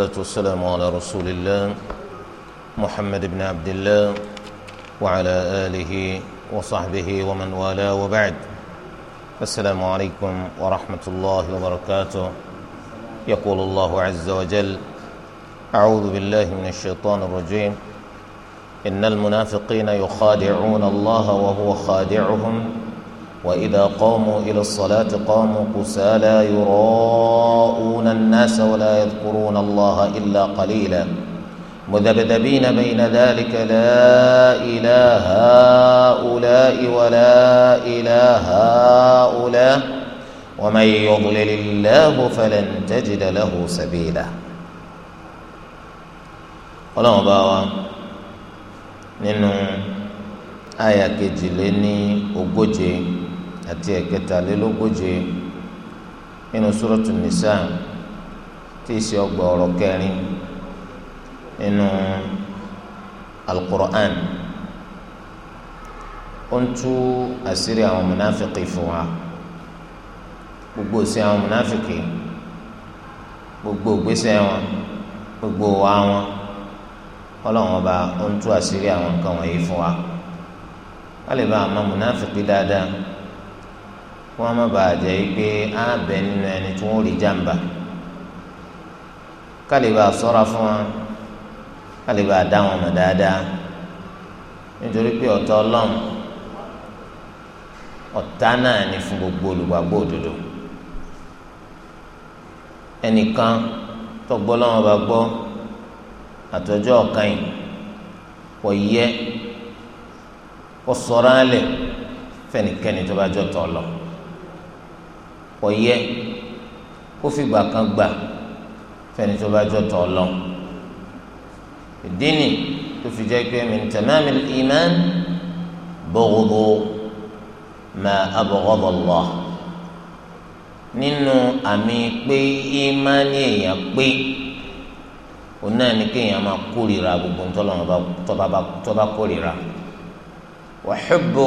والصلاة والسلام على رسول الله محمد بن عبد الله وعلى آله وصحبه ومن والاه وبعد السلام عليكم ورحمة الله وبركاته يقول الله عز وجل أعوذ بالله من الشيطان الرجيم إن المنافقين يخادعون الله وهو خادعهم وإذا قاموا إلى الصلاة قاموا كسالى يراءون الناس ولا يذكرون الله إلا قليلا مذبذبين بين ذلك لا إله هؤلاء ولا إله هؤلاء ومن يضلل الله فلن تجد له سبيلا ọlọ́run bá wa nínú àyà kejìléní àti ẹ̀kẹtàlélógóje nínú sóròtù nìsá tí í ṣe ọgbà ọ̀rọ̀ kẹrin nínú alukur'an ó ń tú àṣírí àwọn mùnáfìkì fún wa gbogbo sí àwọn mùnáfìkì gbogbo ògbésẹ̀ wọn gbogbo wa wọn ọlọ́run ọba ó ń tú àṣírí àwọn nǹkan wọ̀nyí fún wa wọ́n lè bá àwọn mùnáfìkì dáadáa wọn má bàa jẹ́ pé á bẹ nínú ẹni tí wọ́n rí jàǹbá kálíbà sọ́ra fún wọn kálíbà dá wọn mọ̀ dáadáa nítorí pé ọ̀tá ọlọ́run ọ̀tá náà ni fún gbogbo olùgbàgbọ́ òdodo ẹnìkan tọgbọ́ lọ́wọ́ bá gbọ́ àtọ́jọ́ ọ̀kan yìí kò yẹ kó sọ̀rọ̀ alẹ̀ fẹ́nikẹ́ni tó bá jọ tọ̀ lọ́wọ́ kò yẹ kó fìgbà kan gbà fẹ́ni tó bá jọ tọ Ọlọ́run ìdí ni tó fi jẹ́ pé min tamamil iman bughdu ma abghada Allah nínú àmì pé ìmánì èèyàn pé òun náà ni kéèyàn máa kórìíra gbogbo tó bá kórìíra wa hubbu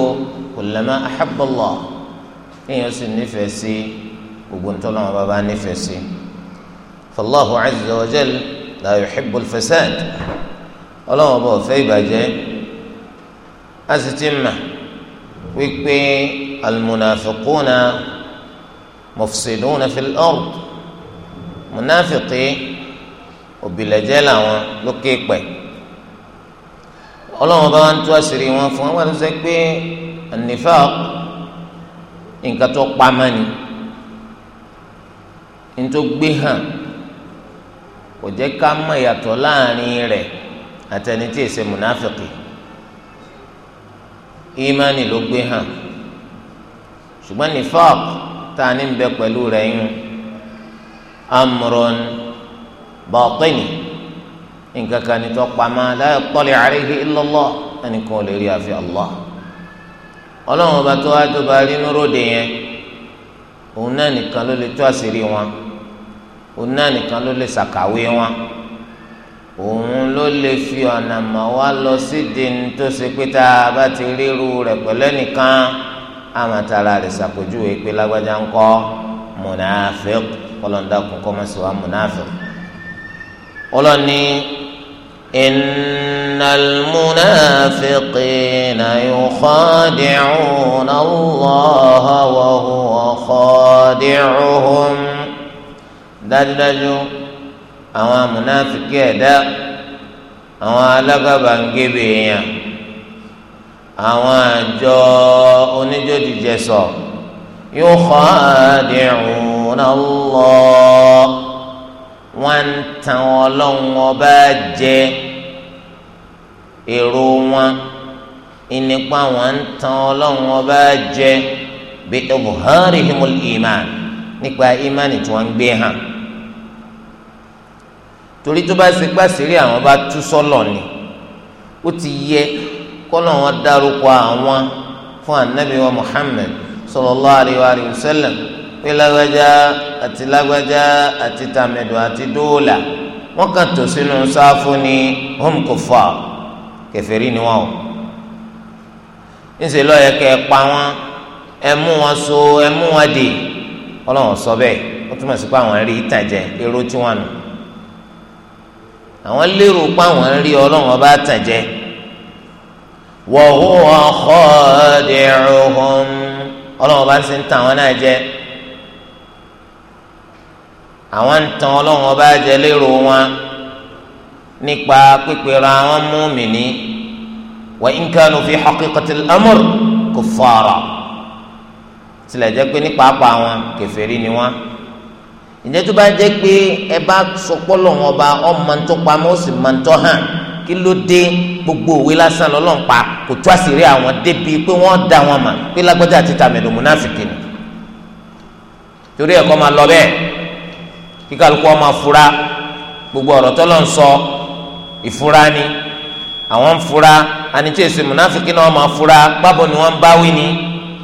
kullama kéèyàn sì nífẹ̀ẹ́ sí gbogbo ntọ́nà wọn bá nífẹ̀ẹ́ sí fallahu azza wa jal la yuhibbul fasad ọlọ́wọ́n bá ọ̀fẹ́ ìbàjẹ́ a sì ti mà wípé almunafiquna mufsiduna fil ard munafiki òbílẹ̀jẹ́ làwọn lókè pẹ̀ ọlọ́wọ́n bá wọn tú àṣírí wọn fún wọn wọn sọ pé an-nifaq nǹkan nítorí gbé hàn kò jẹ́ ká mọ̀ ìyàtọ̀ láàrin rẹ̀ àtẹni tí èsè múnáfìkì ìmánì ló gbé hàn ṣùgbọ́n nifaq tá a ní bẹ pẹ̀lú rẹ̀ yún amron bọ̀tẹ́nì nǹkan kan ní tó pamọ́ láyé pọ́lì àríhí ilọ́lọ́ ẹnì kan ò lè rí àfi Allah ọlọ́run ọba tó wá tó bá rí níròdè yẹn. òun náà nìkan ló lè tú àṣírí wọn òun náà nìkan ló lè ṣàkàwé wọn òun ló lè fi ọ̀nà mọ̀ wá lọ sídìí ní tó ṣe bá ti rẹ̀ pẹ̀lú ẹnìkan àmàtàrà rẹ̀ ṣàpèjúwe pé lágbájá ń kọ́ mùnàfẹ́ kọlọ́ńdà kún إن المنافقين يخادعون الله وهو خادعهم dájúdájú àwọn amúnáfikì ẹ̀dá àwọn alágàbàǹgebè èèyàn àwọn àjọ oníjódìjẹsọ yukhadi'una Allah wọ́n ń tan ọlọ́run ọba jẹ èrò wọn ìnípa wọn ń tan ọlọ́run ọba jẹ bí ibùhárì himul iman nípa imani tí wọ́n ń gbé hàn torí tó bá ṣe gbàsírí àwọn bá tú sọ́lọ̀ ni ó ti yẹ kọ́lọ̀ wọn dárúkọ àwọn fún anabi wa Muhammad sallallahu alayhi wa sallam pé lágbájá àti lágbájá àti tàmẹ̀dù àti dóòlà wọ́n kàn tó sínú sáfù ní home kofa kèfèrí ni wọ́n o ńṣe lọ́yẹ̀ kẹ́ ẹ pa wọ́n ẹ mú wọn so ẹ wọn dè ọlọ́run sọ bẹ́ẹ̀ ó túmọ̀ sí pé àwọn rí ìtàjẹ èrò tí wọ́n nù àwọn lérò pé àwọn rí ọlọ́run ọba àtàjẹ wa huwa khadi'uhum ọlọ́run ọba ń sin tàn náà jẹ́ àwọn ń tan ọlọ́run ọba jẹ lérò wọn nípa pípera àwọn mùmíní wa in kanu fi haqiqatil amr kuffara tilẹ̀ jẹ́ pé ní pàápàá wọn kèfèrí ni wọn ǹjẹ́ tó bá jẹ́ pé ẹ bá sọ pọ́lọ́run ọba ọmọ ń tó pamọ́ ó sì máa ń tọ́ hàn kí ló dé gbogbo òwe lásán lọ́lọ́run pa kò tó àṣírí àwọn débi pé wọ́n da wọn mà pé lágbájá àti tàmẹ̀dùn múnáfìkì ni torí ẹ̀kọ́ máa lọ bẹ́ẹ̀ kí kálukú ọmọ fura gbogbo ọ̀rọ̀ tọ́lọ̀ ń sọ ìfura ni àwọn ń fura àní tí èsì múnáfíkì náà máa fura bábọ̀ ni wọ́n bá wí ni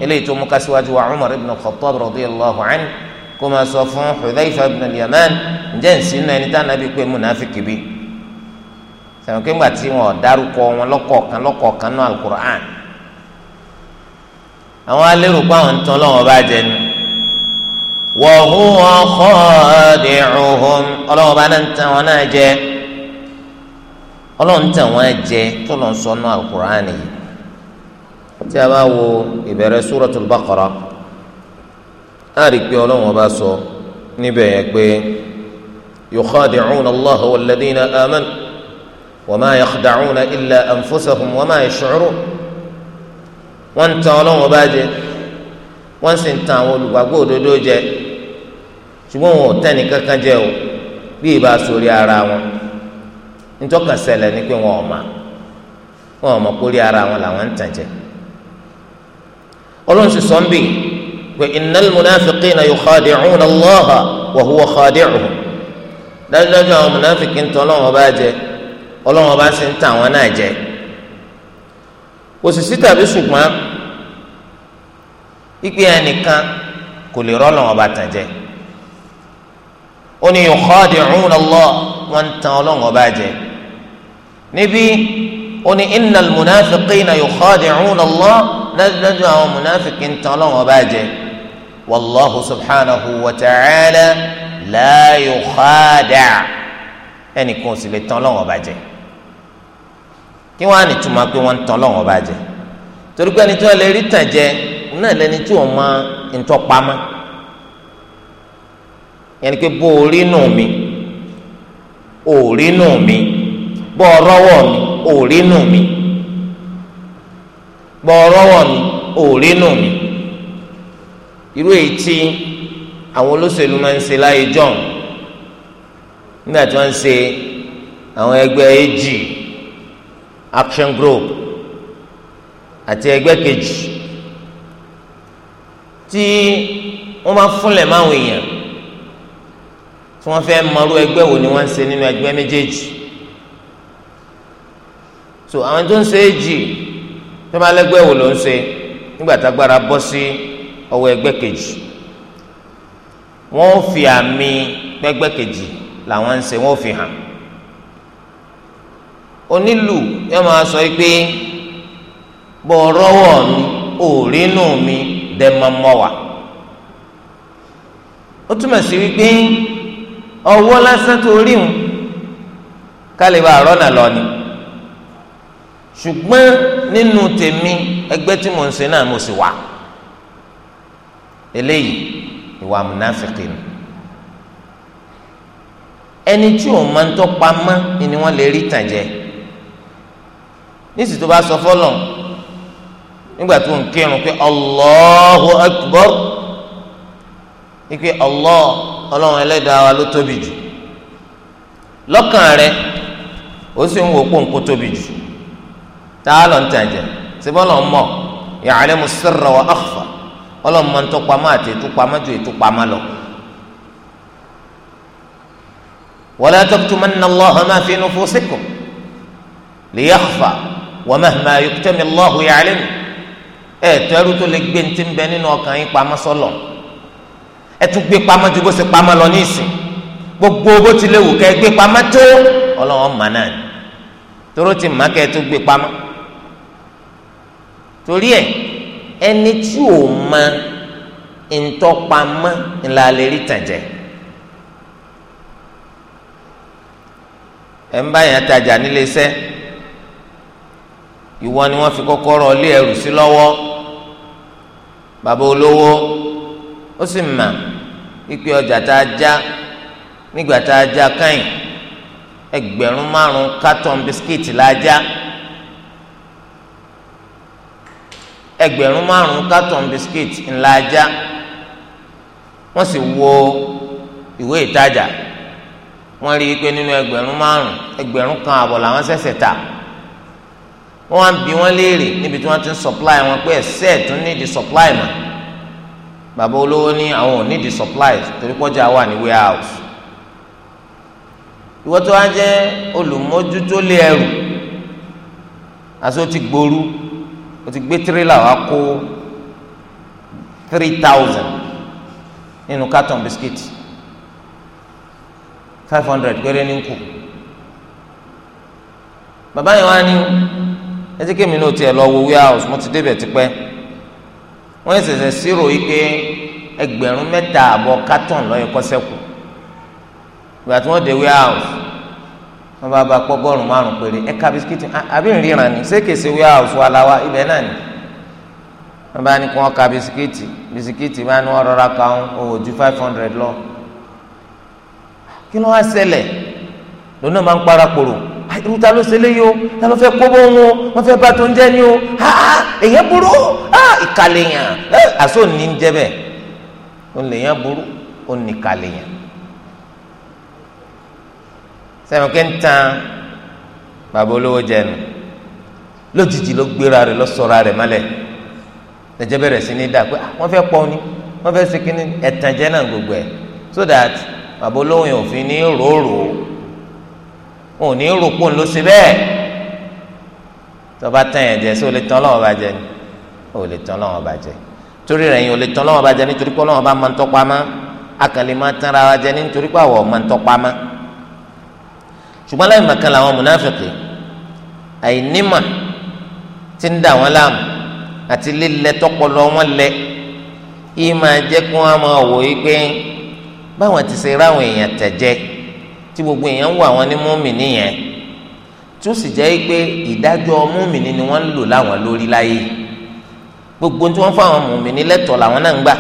eléyìí tó mú kásíwájú wa Umar ibn Khattab radiyallahu anhu kó máa sọ fún Hudhayfa ibn al-Yaman ǹjẹ́ ǹsìn náà ẹni tá nàbí pé múnáfíkì bíi sẹ̀wọ̀n kí ngbà tí wọn dárúkọ wọn lọ́kọ̀ọ̀kan lọ́kọ̀ọ̀kan náà alukur'an àwọn alérò pé àwọn ń tan lọ́wọ́ bá jẹ ni وهو خادعهم ọlọ́wọ́ bá náà ń tàn wọ́n náà jẹ ọlọ́wọ́ ń tàn wọ́n jẹ tó lọ́n sọ́nù alukur'an yìí tí a bá wo ìbẹ̀rẹ̀ suratul baqara á rí i pé ọlọ́wọ́ bá sọ níbẹ̀ yẹn pé yukhadi'una allah walladhina amanu wama yakhda'una illa anfusahum wama yash'urun wọ́n ń tàn ọlọ́wọ́ bá jẹ wọ́n sì ń tàn àwọn olùgbàgbọ́ òdodo jẹ ṣùgbọ́n wọn ò tẹ́ni kankan jẹ́ o bí ìbá sórí ara wọn nítọ́kàn ṣẹlẹ̀ ni pé wọn ò mà wọn ò mọ̀ kórí ara wọn làwọn ń tàn jẹ ọlọ́run sì sọ ń bì pé innal munafiqina yukhadi'una Allaha wa huwa khadi'uhum dájúdájú àwọn munafiki ń tọ́ ọlọ́run ọba jẹ ọlọ́run ọba sì ń tàn wọn náà jẹ kò tàbí ṣùgbọ́n ìpè ẹnìkan kò lè rọ́ ọlọ́run ọba tàn jẹ ó ní yukhadi'un Allah wọ́n ń tan ọlọ́run ọba jẹ níbí ó ní innal munafiqina yukhadi'un Allah dájúdájú àwọn munafiki ń tan ọlọ́run ọba jẹ wallahu subhanahu wa ta'ala la yukhadi' ẹnìkan ò sì lè tan ọlọ́run ọba jẹ kí wọn á ní pé wọ́n tan Ọlọ́run ọba jẹ torí pé ẹni tí wọ́n lè rí tàn jẹ náà lẹni tí wọ́n máa ń tọ́ yẹn pé bó o rí nù mí o rí nù mí bó o rọ́wọ́ mi o rí nù mí bó o rọ́wọ́ mi o rí nù mí irú èyí tí àwọn olóṣèlú máa ń ṣe láyé john nígbà tí wọ́n ń ṣe àwọn ẹgbẹ́ ag action group àti ẹgbẹ́ kejì tí wọ́n máa fúnlẹ̀ máwọn èèyàn tí wọ́n fẹ́ mọrú wo ni wọn ṣe nínú so àwọn tó ń ṣe é jì tó máa wo ló ń ṣe nígbà tágbára bọ́ sí ọwọ́ ẹgbẹ́ kejì wọ́n fi àmì pẹ́gbẹ́ kejì làwọn ń ṣe fi hàn onílù yóò sọ pé bọ rọwọ mi mi ó túmọ̀ sí ọwọ́ lásán tó rí wọn kálí bá rọ́nà lọ ni ṣùgbọ́n nínú tèmi ẹgbẹ́ tí mò ń ṣe náà mo sì wà eléyìí ìwà múnáfìkì ni ẹni tí òun máa ń tọ́pa mọ́ ni wọ́n lè rí tàn jẹ nísìsiyìí tó bá sọ fọlọ́ nígbà tó ń kírun pé ọlọ́run ẹlẹ́dàá wa ló tóbi jù lọ́kàn rẹ ó sì ń wò pé òun kó tóbi jù tá a lọ ń tàjẹ́ síbí ọlọ́run mọ̀ ya'lamu sirra wa akhfa ọlọ́run máa ń tọpamọ́ àti ètúpamọ́ ju ètúpamọ́ lọ. wala taktumanna Allaha ma fi nufusikum liyakhfa wa mahma yuktami Allahu ya'lamu ẹ̀ẹ́dẹ́rú tó lè gbé ní ti ń bẹ nínú ọkàn yín pamọ́ sọ́lọ̀ ẹ tún gbé pamọ́ ju bó ṣe pamọ́ lọ ní ìsìn gbogbo bó ti léwu kẹ́ ẹ gbé pamọ́ tó ọlọ́wọ́n mà náà ni toró ti mà kẹ́ ẹ tún gbé pamọ́ torí ẹ ẹni tí ò mọ ntọ́pamọ́ ńlá lè rí tàjẹ́ ẹ ń bá yẹn tajà nílé iṣẹ́ ìwọ ni wọ́n fi kọ́kọ́rọ́ lé ẹrù sí lọ́wọ́ bàbá olówó ó sì mà wípé ọjà tá a já nígbà tá a já káyìn ẹgbẹ̀rún márùn kátọ́n bisikíìtì la já ẹgbẹ̀rún márùn kátọ́n bisikíìtì ńlá já wọ́n sì wo ìwé ìtajà wọ́n rí i pé nínú ẹgbẹ̀rún márùn ẹgbẹ̀rún kan àbọ̀ làwọn ṣẹ̀ṣẹ̀ tà wọ́n wá ń bi wọ́n léèrè níbi tí wọ́n ti ń supply wọn pé ẹ̀sẹ̀ tún ní di supply mọ́ bàbá olówó ní àwọn ò ní di supplies torí pọ́jà wà ní warehouse ìwọ́n tó wá jẹ́ olùmójútó lé ẹrù àti ó ti gbooru ó ti gbé tirẹ́là wá kó three thousand nínú carton biscuit five hundred péré ní kù bàbá yẹn wá ní ẹ jẹ́ kémi náà tiẹ̀ lọ wo warehouse mo ti débẹ̀ tipẹ́ wọ́n ṣẹ̀ṣẹ̀ sírò yìí pé ẹgbẹ̀rún mẹ́ta àbọ̀ kátọ̀n lọ́yẹ kọ́sẹ́kù ìgbà tí wọ́n dé warehouse wọ́n bá ba pọ́gọ́rùn márùn péré ẹ ká bisikíìtì àbí ìríran ni ṣé kèsè warehouse wa la wa ibẹ̀ náà ni wọ́n bá ní kí wọ́n ka bisikíìtì bisikíìtì bá ní wọ́n rọra ka ń owó ju five hundred lọ kí ló wá ṣẹlẹ̀ lónà máa ń para kpòrò irú ta ló ṣẹlẹ̀ yìí o ta ló fẹ́ kóbó ń wo wọ́n fẹ́ bá tó ń jẹ́ ni o ha èyẹ burú ìkàlẹ̀yàn àṣọ òní ń jẹ́ bẹ́ẹ̀ olèyàn burú òní ìkàlẹ̀yàn sẹ́wọ̀n kí n tan bàbá olówó jẹnu lójijì ló gbéra rẹ̀ lọ́sọ̀ra rẹ̀ mọ́lẹ̀ lẹ́jẹ̀ bẹ̀rẹ̀ sí ní dà pé ah, wọ́n fẹ́ pọ́n ni wọ́n fẹ́ ṣe kíní ẹ̀tàn jẹ́ náà gbogbo ẹ̀ so that bàbá olówó yẹn ò fi ní ròórò òní ròpọ̀ ló ṣe bẹ́ẹ̀ tọba tán yẹn jẹ sí olè tán lọ́wọ́ bá ni ò lè tán lọ́wọ́ bàjẹ́ torí rẹ̀ yín ò lè tán lọ́wọ́ bàjẹ́ nítorí pé ọlọ́wọ́ bá máa ń tọ́pá má akànlẹ̀ máa tán ra wa jẹ nítorí pé àwọ̀ máa ń tọ́pá má ṣùgbọ́n láì màkàn làwọn mùnáfìkì àìnímà ti ń dà wọ́n láàmú àti lílẹ̀ tọpọlọ wọn lẹ yìí máa jẹ́ kí wọ́n máa wò yí pé báwọn ti ṣe ráwọn èèyàn tẹ̀jẹ́ tí gbogbo èèyàn wà wọn ní mùmínì yẹn tó sì jẹ́ pé ìdájọ́ mùmínì ni wọ́n ń lò láwọn lórí láyé yìí gbogbo tí wọ́n fún àwọn mùmíní lẹ́tọ̀ọ́ làwọn náà ń gbà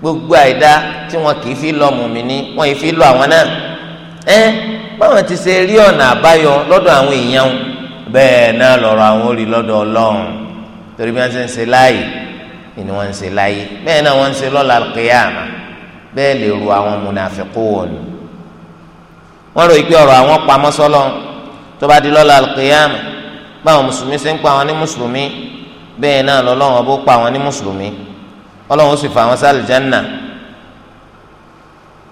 gbogbo àìdá tí wọn kì í fi lọ mùmíní wọn yìí fi lọ àwọn náà ẹ báwọn ti ṣe rí ọ̀nà àbáyọ lọ́dọ̀ àwọn èèyàn bẹ́ẹ̀ náà lọ́rọ̀ àwọn orí lọ́dọ̀ ọlọ́run torí bí wọ́n ṣe ń ṣe láàyè ni wọ́n ń ṣe láàyè bẹ́ẹ̀ náà wọ́n ń ṣe lọ́la kéyàmà bẹ́ẹ̀ lè ru àwọn mùnàfẹ́kù wọ̀lú wọ́n rò ìpè ọ̀rọ̀ àwọn pamọ́ tó bá di lọ́la kéyàmà báwọn mùsùlùmí ṣe ń pa àwọn ní mùsùlùmí bẹ́ẹ̀ náà lọ́lọ́run ọbó pa àwọn ní mùsùlùmí ọlọ́run ó sì fa àwọn sáàlì jẹ́nà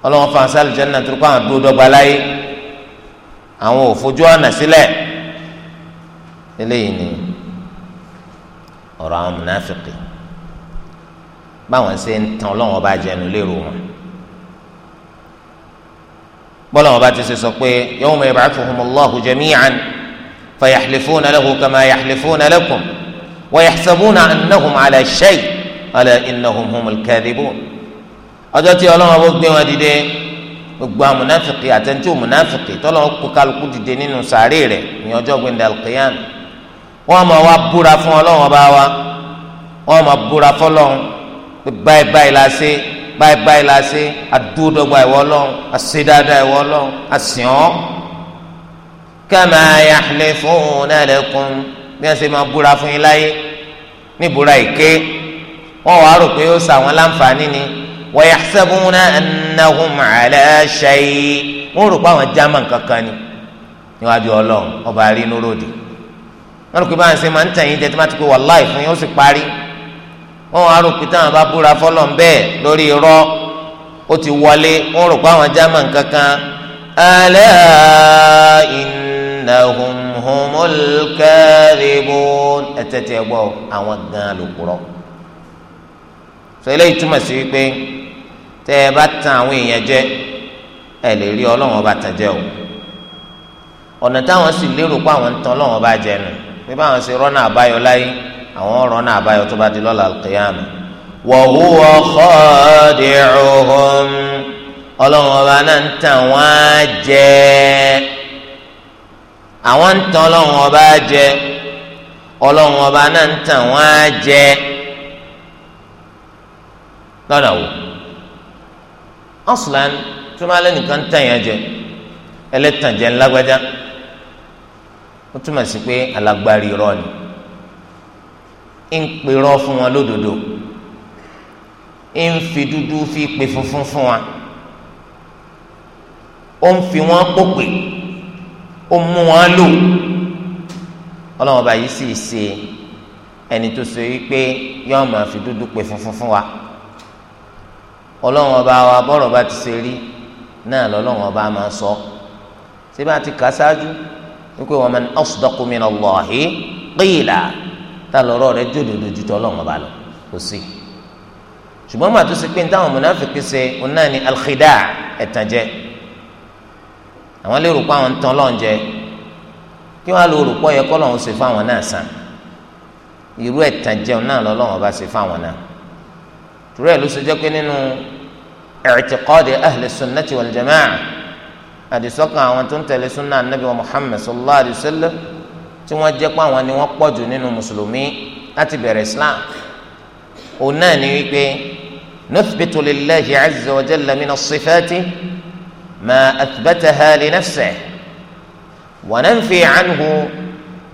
ọlọ́run fa àwọn sáàlì jẹ́nà tó kọ́ àwọn dúró dọ́gba láyé àwọn ò fojú ọ̀nà sílẹ̀ eléyìí ni ọ̀rọ̀ àwọn mùnáfìkì báwọn ṣe ń tan ọlọ́run ọba jẹnu lérò wọn bọ́lá bá ti ṣe sọ pé yawma yab'athuhumullahu jami'an fayahlifuna lahu kama yahlifuna lakum. ويحسبون أنهم على شيء ألا إنهم هم الكاذبون أجاتي الله أبوك بما ديدي gbogbo amunafiki àtẹnudí omunafiki tọ́lọ́ kó kálukú dìde nínú sàárè rẹ̀ ní ọjọ́ gbẹ̀ndẹ̀ alqiyam wọ́n máa wá búra fún ọlọ́run ọba wa wọ́n máa búra fọlọ́run pé báyìí báyìí la ṣe báyìí báyìí la ìwọ ọlọ́run àṣedáadáa ìwọ ọlọ́run àṣìọ́ kama yahlifuna lakum bí wọ́n ṣe máa búra fún yín láyé níbúra ìké wọn wàá rò pé ó sa àwọn láǹfààní ni wa yahsabuna annahum ala shay wọn rò pé àwọn german kankan ni níwájú ọlọ́run ọba àrínú ròdì wọn rò pé báwọn ṣe máa ń tẹ̀yìn jẹ́ tí wọ́n ti pé wàláì fún yín ó sì parí wọn wàá rò pé táwọn bá búra fọlọ́n bẹ́ẹ̀ lórí irọ́ ó ti wọlé wọn rò pé àwọn german kankan ala innahum humul kadhibun ẹtẹtẹ gbọ́ àwọn gan lòpùrọ́ sọ eléyìí túmọ̀ sí wípé tẹ́ ẹ bá tan àwọn èèyàn jẹ ẹ lè rí ọlọ́wọ́n bá tàn jẹ o ọ̀nà táwọn sì lérò pé àwọn ń tan ọlọ́wọ́n bá jẹ nù pé báwọn ṣe rọ́nà àbáyọ láyé àwọn rọ́nà àbáyọ tó bá di lọ́la al-qiyama wa huwa khadi'uhum ọlọ́wọ́n bá náà ń tàn wọ́n á jẹ́ àwọn ń tan ọlọ́run ọba jẹ ọlọ́run ọba náà ń tàn wọ́n á jẹ lọ́dà wò ọ̀sùlán tó máa lẹ́nìkan tàn yẹn jẹ ẹlẹ́tànjẹ ńlágbájá ó túmọ̀ sí pé alágbárí ni ń pèrọ́ fún wọn lódodo ń fi dúdú fi funfun fún wa ó ń fi ó mú wọn lò ọlọ́run ọba yìí sì ṣe ẹni tó ṣe wípé yóò máa fi dúdú pè funfun fún wa ọlọ́run ọba wa bọ́rọ̀ bá ti ṣe rí náà lọ́lọ́run ọba máa sọ ṣé bá ti kà ṣáájú wípé wa man asdaqu minallahi qila tá lọ́rọ̀ rẹ̀ jòdòdò ju tọ́lọ́run ọba lọ kò sí ṣùgbọ́n màá tó ṣe pé ní táwọn mùnáfíkì ṣe òun náà ni alkhida ẹ̀tànjẹ́ àwọn lè rò pé àwọn ń tan lọ́n jẹ kí wọ́n á lò rò pé ọ̀yẹ́ kọ́ lọ́n ṣe fáwọn náà sàn irú ẹ̀tàn jẹun náà lọ́lọ́wọ́n bá ṣe fáwọn náà torí ẹ̀ ló ṣe jẹ́ pé nínú i'tiqad ahli sunnati wal jamaa àdìsọ́kàn àwọn tó ń tẹ̀lé sunna anabi wa muhammed sallallahu alayhi wa sallam tí wọ́n jẹ́ pé àwọn ni wọ́n pọ̀ jù nínú mùsùlùmí láti bẹ̀rẹ̀ islam òun náà ni wípé nuthbitu lillahi azza wa jalla min as ما اثبتها لنفسه وننفي عنه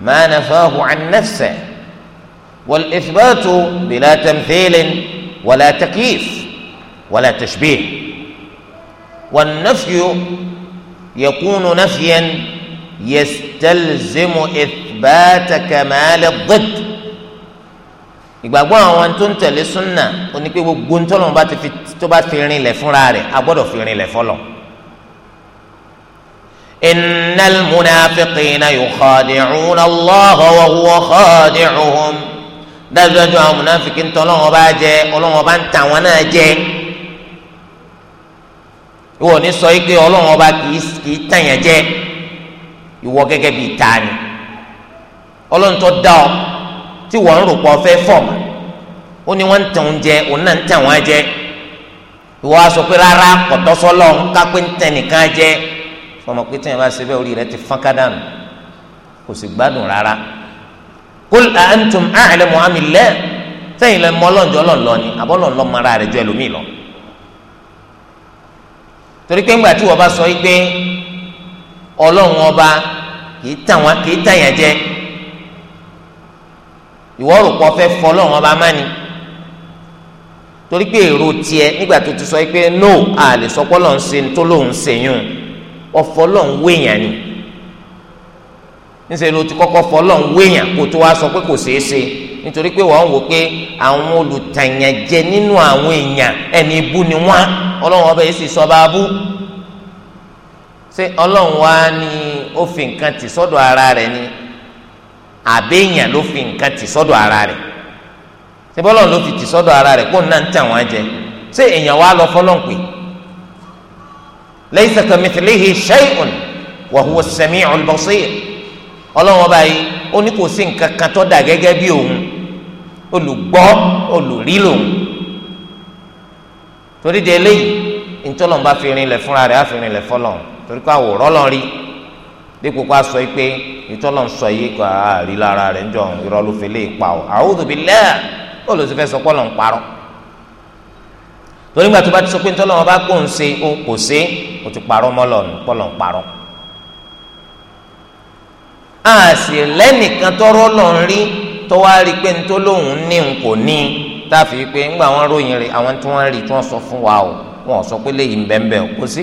ما نفاه عن نفسه والاثبات بلا تمثيل ولا تكييف ولا تشبيه والنفي يكون نفيا يستلزم اثبات كمال الضد ìgbàgbọ́ àwọn tó ń tẹ̀lé súnà onípe gbogbo ń tọ́lọ́mù bá ti fi tó bá fi rinlẹ̀ fúnra rẹ̀ a gbọ́dọ̀ fi rinlẹ̀ fọlọ́ إن المنافقين يخادعون الله وهو خادعهم dájúdájú àwọn munafiki ń tọ́ ọlọ́wọ́n bá jẹ ọlọ́wọ́n bá ń tà wọ́n náà jẹ ìwọ ní sọ yìí pé ọlọ́wọ́n bá kì í tàyàn jẹ ìwọ gẹ́gẹ́ bíi tani ọlọ́run tó dá ọ tí wọ́n ń rò pọ̀ fẹ́ fọ̀mù ó ní wọ́n ń tàn jẹ òun náà ń tàn wọ́n jẹ ìwọ aṣọ pé rárá kọ̀tọ́sọ́lọ́ kọmọ pé tíyẹn bá ṣe bẹ́ẹ̀ orí rẹ ti fọ́n ká dànù kò sì gbádùn rárá kul antum a'lamu amillah sẹ́yìn lẹ mọ ọlọ́njọ́ ọlọ́nlọ́ ni àbọ̀ ọlọ́nlọ́ mara rẹ ju ẹlòmíì lọ torí pé ńgbà tí wọ́n bá sọ yìí pé ọlọ́run ọba kìí tà wọn kìí tà yẹn jẹ ìwọ rò pọ̀ fẹ́ fọ ọlọ́run ọba mání torí pé èrò tiẹ̀ nígbà tó ti sọ yìí pé no a lè sọ pé ọlọ́run ṣe ń tó lóun ṣèyún ọ̀fọ́lọ́ ń wéyàn ni nse ló ti kọkọ fọ́lọ́ wéyàn kó tó wá sọ pé kò ṣeé ṣe nítorí pé wọ́n wò pé àwọn nínú àwọn èèyàn ẹni ni wọ́n ọlọ́run ọba yìí sì sọ bá bú ṣé ọlọ́run wá ni ó fi nǹkan ara rẹ̀ ni àbẹ́yàn ló fi nǹkan tì sọ́dọ̀ ara rẹ̀ ṣé bọ́lọ́run ló fi tì ara rẹ̀ kó náà ń wọ́n jẹ ṣé èèyàn lọ ليس كمثله شيء وهو السميع البصير. samiul basir ọlọ́run ọba yìí ó ní kò sí nǹkan kan tó dà gẹ́gẹ́ bí òun olùgbọ́ olùrí lòun torí de eléyìí ntọ́lọ́n bá fi rinlẹ̀ fúnra rẹ̀ á fi rinlẹ̀ fọlọ́n torí kó àwòrán lọ́n rí dípò kó sọ pé ntọ́lọ́n sọ yìí kó a lára rẹ̀ ńjọ irọ́ ló lè pa ọ́ a'udhu billah olùsífẹ́ sọ pé parọ́ torí gbà tó bá ti sọ pé ntọ́lọ́wọ́n bá kó ń ṣe ó kò ṣe ó ti parọ́ mọ́lọ́ọ̀nù pọ́lọ̀ ń parọ́ a sì lẹ́nìkan tọ́rọ́ lọ́n rí tọ́wá rí pé ntọ́lọ́hún ní n kò ní táfi pé ńgbà wọn ròyìn rẹ àwọn tí wọ́n rí tí wọ́n sọ fún wa o wọn sọ pé léyìí bẹ́ẹ̀nbẹ́ẹ̀ kò sí.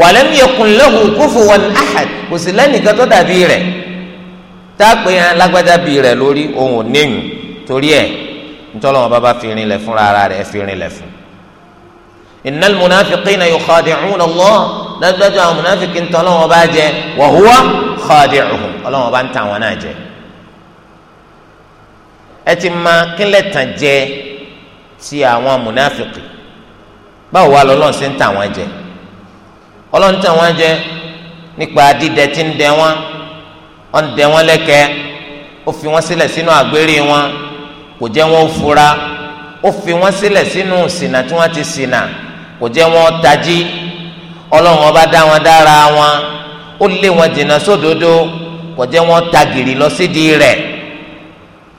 walam yakun lahu kufuwan ahad kò sí lẹ́nìkan tó dàbí rẹ̀ tá a pè é lágbájá bí rẹ̀ lórí òun ò ntọ́lọ́wọ́n bá bá fi rin lẹ̀ fún rárá rẹ̀ ẹ fi rin lẹ̀ fún. innal munafiqina yukhadi'una Allah dájúdájú àwọn munafiki ntọ́lọ́wọ́n bá jẹ wa huwa khadi'uhum ọlọ́wọ́n bá ń tàn wọn náà jẹ. ẹ ti ma kílẹ̀ tàn jẹ ti àwọn munafiki báwo wá lọ́lọ́run ṣe ń tàn wọn jẹ ọlọ́run tàn wọn jẹ nípa dídẹ tí ń dẹ wọn ọ̀ ń dẹ wọn lẹ́kẹ̀ẹ́ ó fi wọn sílẹ̀ sínú àgbèrè wọn kò jẹ́ wọn fura ó fi wọn sílẹ̀ sínú ṣìnà tí wọ́n ti ṣìnà kò jẹ́ wọn tají ọlọ́run ọba dá wọn dára wọn ó lé wọn jìnnà sódodo kò jẹ́ wọn tagìrì lọ sídìí rẹ̀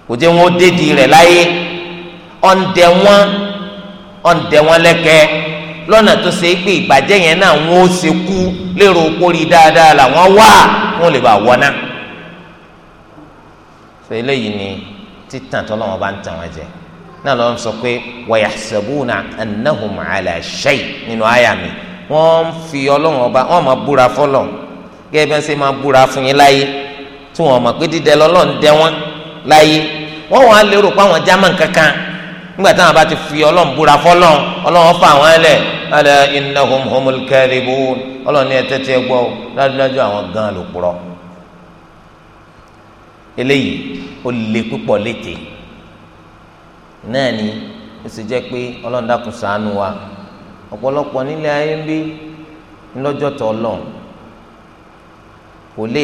kò jẹ́ wọn dédìí rẹ̀ láyé ọ̀ǹdẹ̀ wọn ọ̀ǹdẹ̀ wọn lẹ́kẹ̀ẹ́ lọ́nà tó ṣe é pé ìbàjẹ́ yẹn náà wọ́n ó ṣe kú lérò kórìí dáadáa làwọn wá wọn lè bá wọ́n náà. sọ eléyìí ni. títàn tọ́lọ́wọ́n bá ń tàn wọ́n jẹ náà lọ́wọ́ sọ pé wa yahsabuna annahum ala shay' nínú àyà mi wọ́n fi ọlọ́wọ́n ọba wọ́n máa búra fọlọ́ gẹ́gẹ́ bí wọ́n ṣe máa búra fún yín láyé tí wọ́n mọ̀ pé dídẹ lọ́lọ́ ń dẹ wọ́n láyé wọ́n wàá lérò pé àwọn german kankan nígbà táwọn bá ti fi ọlọ́run búra fọlọ́n ọlọ́run fa àwọn ẹlẹ̀ ala innahum humul kadhibun ọlọ́run ní ẹ tẹ́tí àwọn gan ló eléyìí ó le púpọ̀ létè náà ni ó sì jẹ́ pé ọlọ́run dákun ṣàánú wa ọ̀pọ̀lọpọ̀ nílé ayé ń bí ńlọ́jọ́ tó ọlọ́run kò lè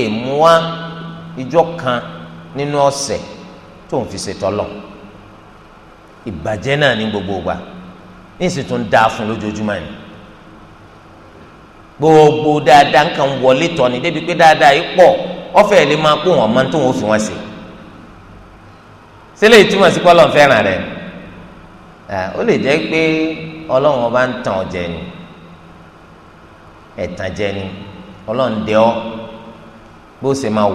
kan nínú ọ̀sẹ̀ tó ń fi ṣètọ́ lọ ìbàjẹ́ náà ní gbogbo wa ní tó ń gbogbo dáadáa ń kàn wọlé tọ̀ ní débi pé dáadáa yìí ọfẹ le máa kó wọn mọ tó wọn fi wọn sí sílẹ̀ ìtumọ̀ sí kọ́lọ̀ fẹ́ràn rẹ̀ o lè jẹ́ pé ọlọ́run ọba ń tàn ọ́ jẹ ni ẹ̀tàn jẹ ni ọlọ́run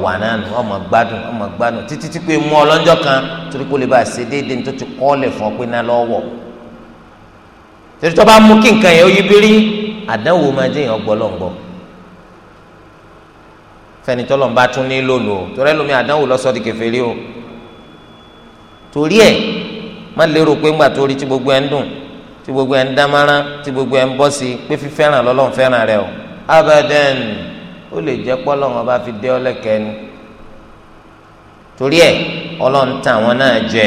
wà nánu ọmọ gbádùn ọmọ gbádùn títí tí pé mú kan torí kó lè bá a ṣe déédéé tó ti kọ́ọ̀lẹ̀ fún ọ pé náà lọ́wọ́ tó bá mú kí nǹkan yẹn ó yí fẹni tọ́lọ̀ ń bá tún ní lónìí o torí ẹlòmíì àdánwò lọ́sọ̀ di kèfèrí o torí ẹ̀ má lérò pé ńgbà tó rí tí gbogbo ẹ̀ ń dùn tí gbogbo ẹ̀ ń dámárán tí gbogbo ẹ̀ ń bọ́ sí pé fífẹ́ràn lọ́lọ́run fẹ́ràn rẹ o abadan ó lè jẹ́ pọ́lọ́run ọba fi dé ọlẹ́kẹ́ ni torí ẹ̀ ọlọ́run tàn wọ́n náà jẹ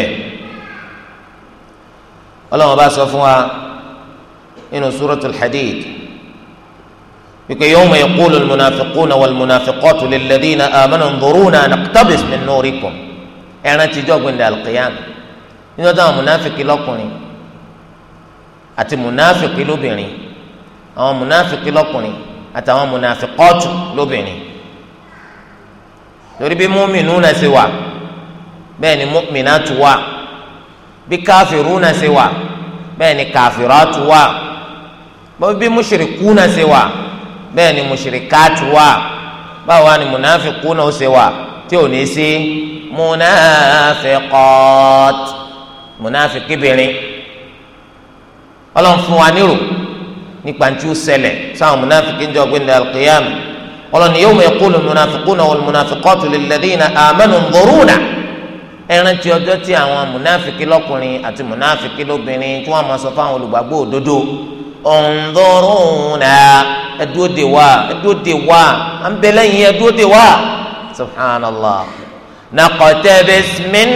ọlọ́run ọba sọ fún wa nínú Suratul Hadid wípé yawma yaqulu al-munafiquna wal-munafiqatu lilladhina amanu nduruna naqtabis min nurikum ẹran ti jọgbìn dà alqiyam nínú táwọn munafiki lọkùnrin àti munafiki lóbìnrin àwọn munafiki lọkùnrin àtàwọn munafiqatu lóbìnrin torí bí mu'minuna ṣe wà bẹ́ẹ̀ ni mu'minatu wà bí káfiruna ṣe wà bẹ́ẹ̀ ni kafiratu wà bí mushrikuna ṣe wà bẹ́ẹ̀ ni mushrikati wà báwa ni munafikuna ó ṣe wà tí ò ní sí munafikot munafikibirin ọlọ́run fún wa nírò nípa ntí ó ṣẹlẹ̀ sáwọn munafiki jọ gbé ní alqiyam ọlọ́run yawma yaqulu munafikuna wal munafikọ́tù lilladhina amanu nzuruna ẹran tí ọjọ́ tí àwọn munafiki lọ́kùnrin àti munafiki lóbìnrin tí wọ́n máa sọ fáwọn olùgbàgbọ́ òdodo ọ̀ǹdọ́rùnà ẹ̀dúró de wá ẹ̀dúró de wá à ń bẹ lẹ́yìn ẹ̀dúró de wá subhanallah naqtabis min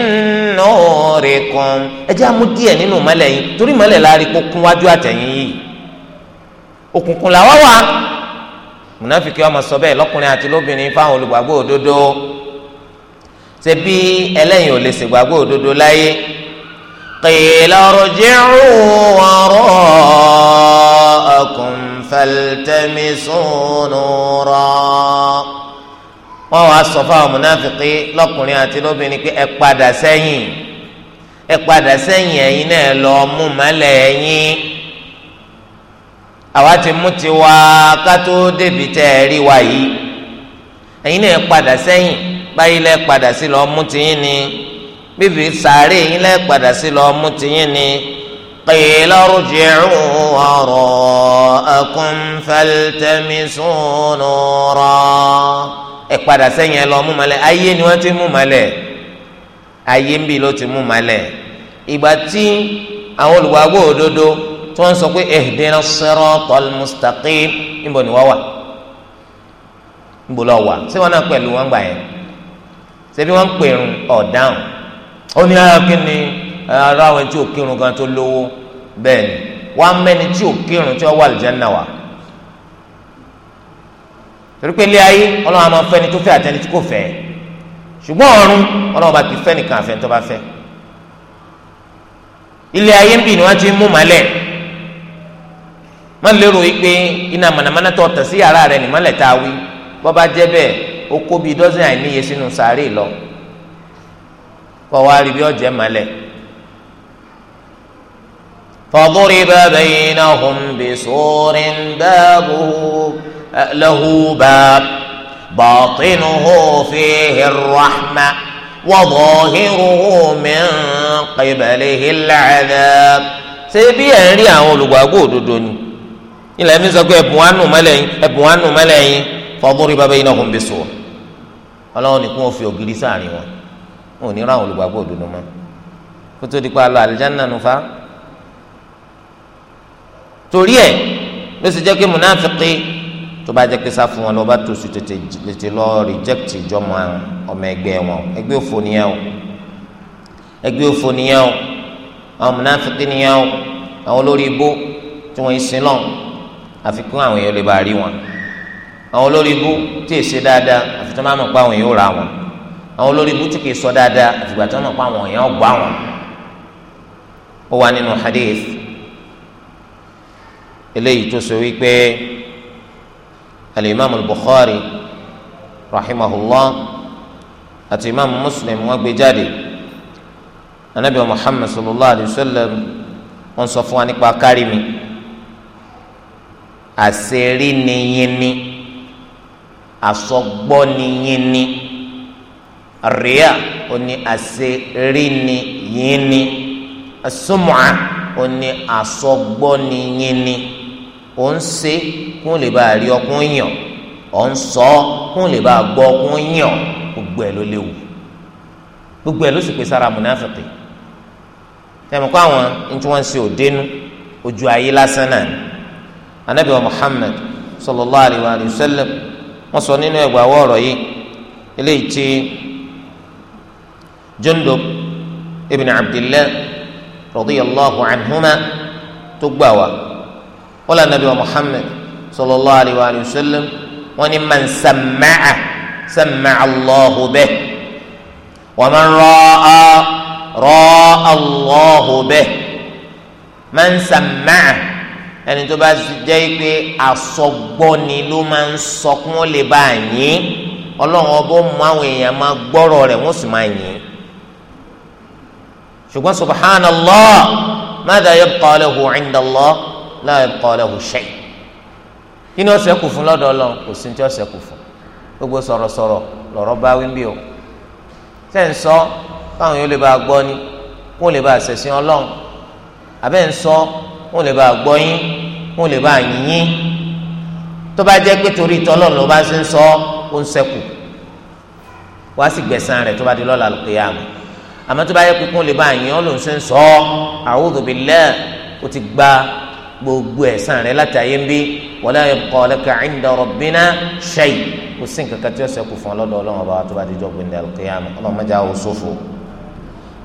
nurikum ẹ jẹ́ àmú díẹ̀ nínú mọ́lẹ̀ yìí torí mọ́lẹ̀ la rí kó kún wájú àtẹ̀yìn yìí òkùnkùn làwọn wà múnáfìkì ọmọ sọ bẹ́ẹ̀ lọ́kùnrin àti lóbìnrin fáwọn olùgbàgbọ́ òdodo ṣe bí ẹlẹ́yìn ò lè ṣègbàgbọ́ òdodo láyé qila rji'u wara. ربكم فالتمسوا نورا wọ́n wàá sọ fáwọn mùnáfìkì lọ́kùnrin àti lóbìnrin pé ẹ padà sẹ́yìn ẹ padà sẹ́yìn ẹ̀yin náà lọ mú mọ́lẹ̀ ẹ̀yin àwa ti mú tiwa ká débi tẹ́ ẹ rí wa yìí ẹ̀yin náà padà sẹ́yìn báyìí lẹ́ padà sí lọ mú tiyín ni bíbí sàárè yín lẹ́ padà sí lọ mú tiyín ni. قيل ارجعوا وراءكم فالتمسوا نورا ẹ padà sẹ́yìn ẹ lọ mú malẹ̀ ayé ni wọ́n ti mú malẹ̀ ayé ń bì ló ti mú malẹ̀ ìgbà tí àwọn olùwàgbọ́ òdodo tí wọ́n sọ pé ihdina siratal mustaqim níbo ni wọ́n wà níbo lọ wà ṣé wọ́n náà pẹ̀lú wọn gbà yẹn ṣé bí wọ́n ń pèrún ọ̀dáhùn ó ní ara ah, kí ni ah, ara àwọn tí ò kírun gan tó lówó bẹ́ẹ̀ wa wàá tí ò kírun tí ó wà wa torí pé ilé ayé ọlọ́run a máa tó fẹ́ àtẹni tí kò fẹ́ ṣùgbọ́n ọ̀run ọlọ́run bá kì fẹ́ nìkan àfẹ́ni tó bá fẹ́ ilé ayé ń bì ni wọ́n ti mú màálẹ̀ má lérò yìí pé iná mànàmáná tó tẹ̀ sí yàrá rẹ̀ ní tá a wí bọ́ bá jẹ́ bẹ́ẹ̀ kó bíi àìníye sínú lọ kọ́ wa rí bí ọ̀jẹ̀ فضرب بينهم بسور بابه له باب باطنه فيه الرحمة وظاهره من قبله العذاب ṣebí ẹ ń rí àwọn olùgbàgbọ́ òdodo ni ilẹ̀ mi sọ pé ẹ̀bùn wa nù mẹ́lẹ̀yìn ẹ̀bùn wa nù mẹ́lẹ̀yìn فضرب بينهم بسور ọlọ́run nìkún ó fi ògiri sáàrin wọn wọn ò ní ra àwọn olùgbàgbọ́ òdodo mọ́ kótó dípò alọ́ àlìjáná nù fa torí ẹ̀ ló sì jẹ́ pé múnáfíkì tó bá jẹ́ pé sá fún wọn lọ́ba tó sì tètè tètè lọ rìjẹ́kìtì ìjọmọ ọmọ ẹgbẹ́ wọn ẹgbẹ́ òfò nìyẹn o ẹgbẹ́ òfò nìyẹn o àwọn múnáfíkì nìyẹn o àwọn olórí ibó tí wọ́n sin lọ́n àfikún àwọn èèyàn lè bá rí wọn àwọn olórí ibú tí èsè dáadáa àfi máa mọ̀ pé àwọn èèyàn ò ra wọn àwọn olórí ibú tí kì í sọ dáadáa àfìgbà tó máa mọ̀ pé àwọn èèyàn ò gbọ́ àwọn. ó wà nínú hadith eléyìí tó so wípé alimami Bukhari rahimahullah àti imaamu Muslim wọ́n gbé jáde anabi Muhammad sallallahu alayhi wa sallam wọ́n sọ fún wa nípa kárìmì àṣírí niyinni àsọgbọ́ niyinni ríà oní àṣírí niyinni asumca oní àsọgbọ́ niyinni ò ń ṣe kó lè bá rí ọkùn yàn ò ń sọ kó lè bá gbọ́ ọkùn yàn gbogbo ẹ̀ ló léwu gbogbo ẹ̀ ló sì pé sára múnáfìkì tẹ̀mí kó àwọn ní tí wọ́n ń ṣe òdenu ojú ayé lásán náà anabi wa muhammad sallallahu alayhi wa sallam wọ́n sọ nínú ẹgbàá wọ́ọ̀rọ̀ yìí eléyìí tí jundub ibn abdillah radiyallahu anhumah, tó gbà wá wọ́n lànà bí wa Muhammad sallallahu alayhi wa sallam wọ́n ní man sàmàcà sàmàcà allahu bẹ́ wa man ra'a ra'a allahu bẹ́ man sàmàcà ẹni tó bá jẹ́ pé asọgbọ́ni ló máa ń sọ kí wọ́n lè bá a yín ọlọ́run ọba ó mú àwọn èèyàn máa gbọ́rọ̀ rẹ̀ wọ́n sì máa yìn ṣùgbọ́n subhanallah madha yabqa lahu inda Allah la yabqa lahu shay kí ni ó ṣẹ́kù fún lọ́dọ̀ Ọlọ́run kò sí ní tí ó ṣẹ́kù fún gbogbo sọ̀rọ̀sọ̀rọ̀ lọ́rọ̀ bá wí ń bí o ṣe ń sọ káwọn yóò lè bá a gbọ́ ni kó lè bá a ṣẹ̀sìn Ọlọ́run àbẹ́ ń sọ kó lè bá a gbọ́ yín kó lè bá a yìn yín tó bá jẹ́ pé torí tọ́lọ́ ló bá ṣe ń sọ ó ń ṣẹ́kù wá sì gbẹ̀san rẹ̀ tó bá di lọ́la al-qiyāmah àmọ́ tó bá yẹ pé kó lè bá a yìn ọ́ ló ń ṣe ń sọ a'udhu billah gbogbo ẹ̀san rẹ látàyé ń bí wala yabqa laka inda rabbina shay kò sí nǹkan kan tí yóò ṣẹ́kù fún ọlọ́dọ̀ ọlọ́run ọba tó bá di jọ́gbìn ní alqiyam ọlọ́run mẹ́jọ àwọn sófo.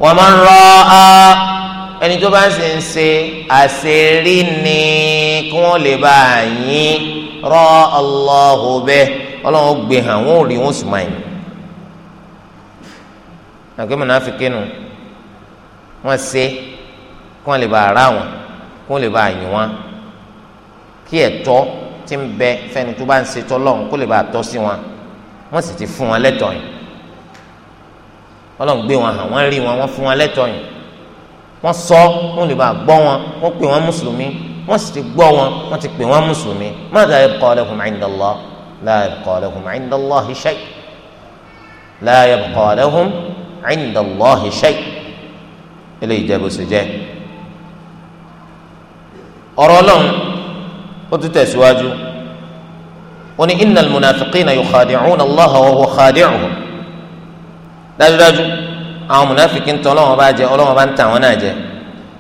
wọ́n máa ń rọ ọ ẹni tó bá ń sìn ṣe àṣírí ni kí wọ́n lè bá a yín rọ Allahu bẹ́ ọlọ́run gbé hàn wọ́n ò rí wọ́n sì máa yìn. àgbẹ̀mọ̀ náà fi kínú wọ́n ṣe kí wọ́n lè bá a rà wọ́n kó lè bá yìn wọn kí ẹ̀tọ́ ti ń bẹ fẹ́ni tó bá ń ṣe tọ́lọ́run kó lè bá tọ́ sí wọn wọ́n sì ti fún wọn lẹ́tọ̀ọ́ yìí ọlọ́run gbé wọn hàn wọ́n rí wọn wọ́n fún wọn lẹ́tọ̀ọ́ yìí wọ́n sọ wọ́n lè bá gbọ́ wọn wọ́n pè wọ́n mùsùlùmí wọ́n sì ti gbọ́ wọn wọ́n ti pè wọ́n mùsùlùmí madha yabqa lahum 'inda Allah la yabqa lahum 'inda Allah shay la yabqa lahum 'inda Allah shay eléyìí jẹ́ bó ṣe jẹ́ ọ̀rọ̀ ọlọ́run ó tún tẹ̀síwájú ó ní innal munafiqina yukhadi'una Allaha wa huwa khadi'uhum dájúdájú àwọn munafiki ń tọ́ ọlọ́run bá jẹ ọlọ́run bá ń tà wọ́n náà jẹ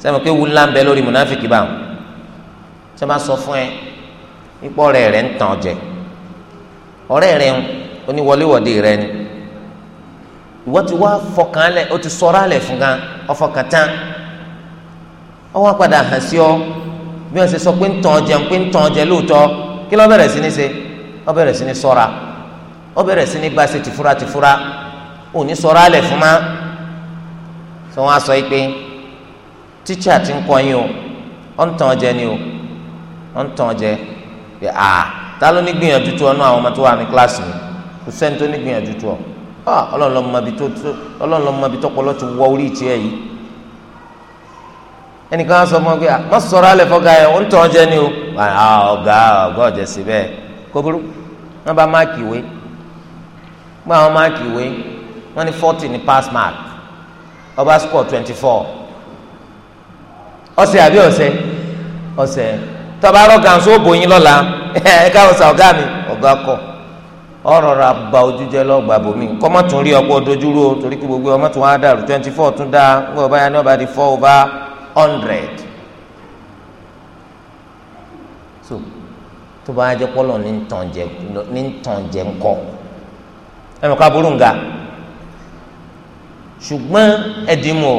sẹ́mi pé wúlá ń bẹ lórí munafiki bá sẹ́mi bá sọ fún ẹ ipò ọ̀rẹ́ rẹ̀ ń tàn jẹ ọ̀rẹ́ rẹ̀ ń oníwọléwọ̀de rẹ̀ ni ìwọ ti wá fọkàn lẹ̀ o ti sọ̀rọ̀ alẹ̀ fún gan ọfọkàn tán ọwọ́ padà hàn sí ọ bí wọ́n ṣe sọ pé ń tàn jẹ pé ń tàn jẹ lóòótọ́ kí ló bẹ̀rẹ̀ sí ní ṣe ó bẹ̀rẹ̀ sí ní sọ́ra ó bẹ̀rẹ̀ sí ní bá ṣe tìfura tìfura ò ní sọ́ra alẹ̀ fún ma sọ wọn aṣọ yìí pé tíṣà ti ń kọ́ yín o ó ń tàn jẹ ni o ó ń tàn jẹ pé a ta ló ní gbìyànjú tó ọ̀nà àwọn ọmọ tó wà ní kíláàsì mi kò sẹ́ni tó ní gbìyànjú tó ọ ọlọ́run lọ́mọ ibi tó ọpọlọ ti wọ orí ìtì ẹ̀ yìí ẹnìkan sọ fún pé má sọ̀rọ̀ alẹ́ fọ́gà yẹn ó ń tọ́ ni o ọ̀gá ọ̀gá ọ̀jẹ̀ sí bẹ́ẹ̀ pass mark ọba score twenty four ọsẹ àbí ọsẹ ọsẹ tọ́ba arọ́gà ń sóbò yín ẹ mi ọ̀gá kọ ra ba ojú jẹ́ lọ́gbà bòmí kọ́mọ́tún rí ọgbọ́n dojúrú o torí gbogbo ọmọ wá dàrú twenty four tún dá ń báyà ní ọba hundred so tó bá jẹ́ pọ́lọ̀ ní ntàn jẹ ní ntàn jẹ ńkọ́ ẹ mọ̀ ká burú nga ṣùgbọ́n ẹ̀dínmọ̀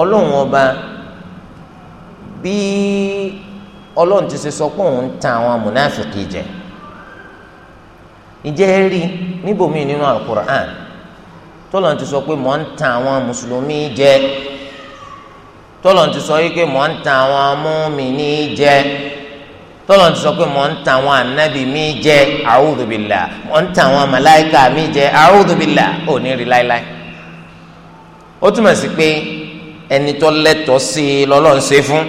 ọlọ́run ọba bí ọlọ́run ti ṣe sọ pé òun ń tan àwọn amúnáfìkì jẹ ìjẹ́ rí níbòmíì nínú alukur'an tọ́lọ́run ti sọ pé mọ̀ ń tan àwọn mùsùlùmí jẹ. tọ́lọ̀ ti sọ wípé mò ń tan àwọn mùmínì jẹ tọ́lọ̀ ti sọ pé mò ń tan àwọn ànábì mi jẹ a'udhu billah mò ń tan àwọn màláìka mi jẹ a'udhu billah ò ní rí láéláé ó túmọ̀ sí pé ẹni tó lẹ́tọ̀ọ́ sí i lọ́lọ́ ń ṣe fún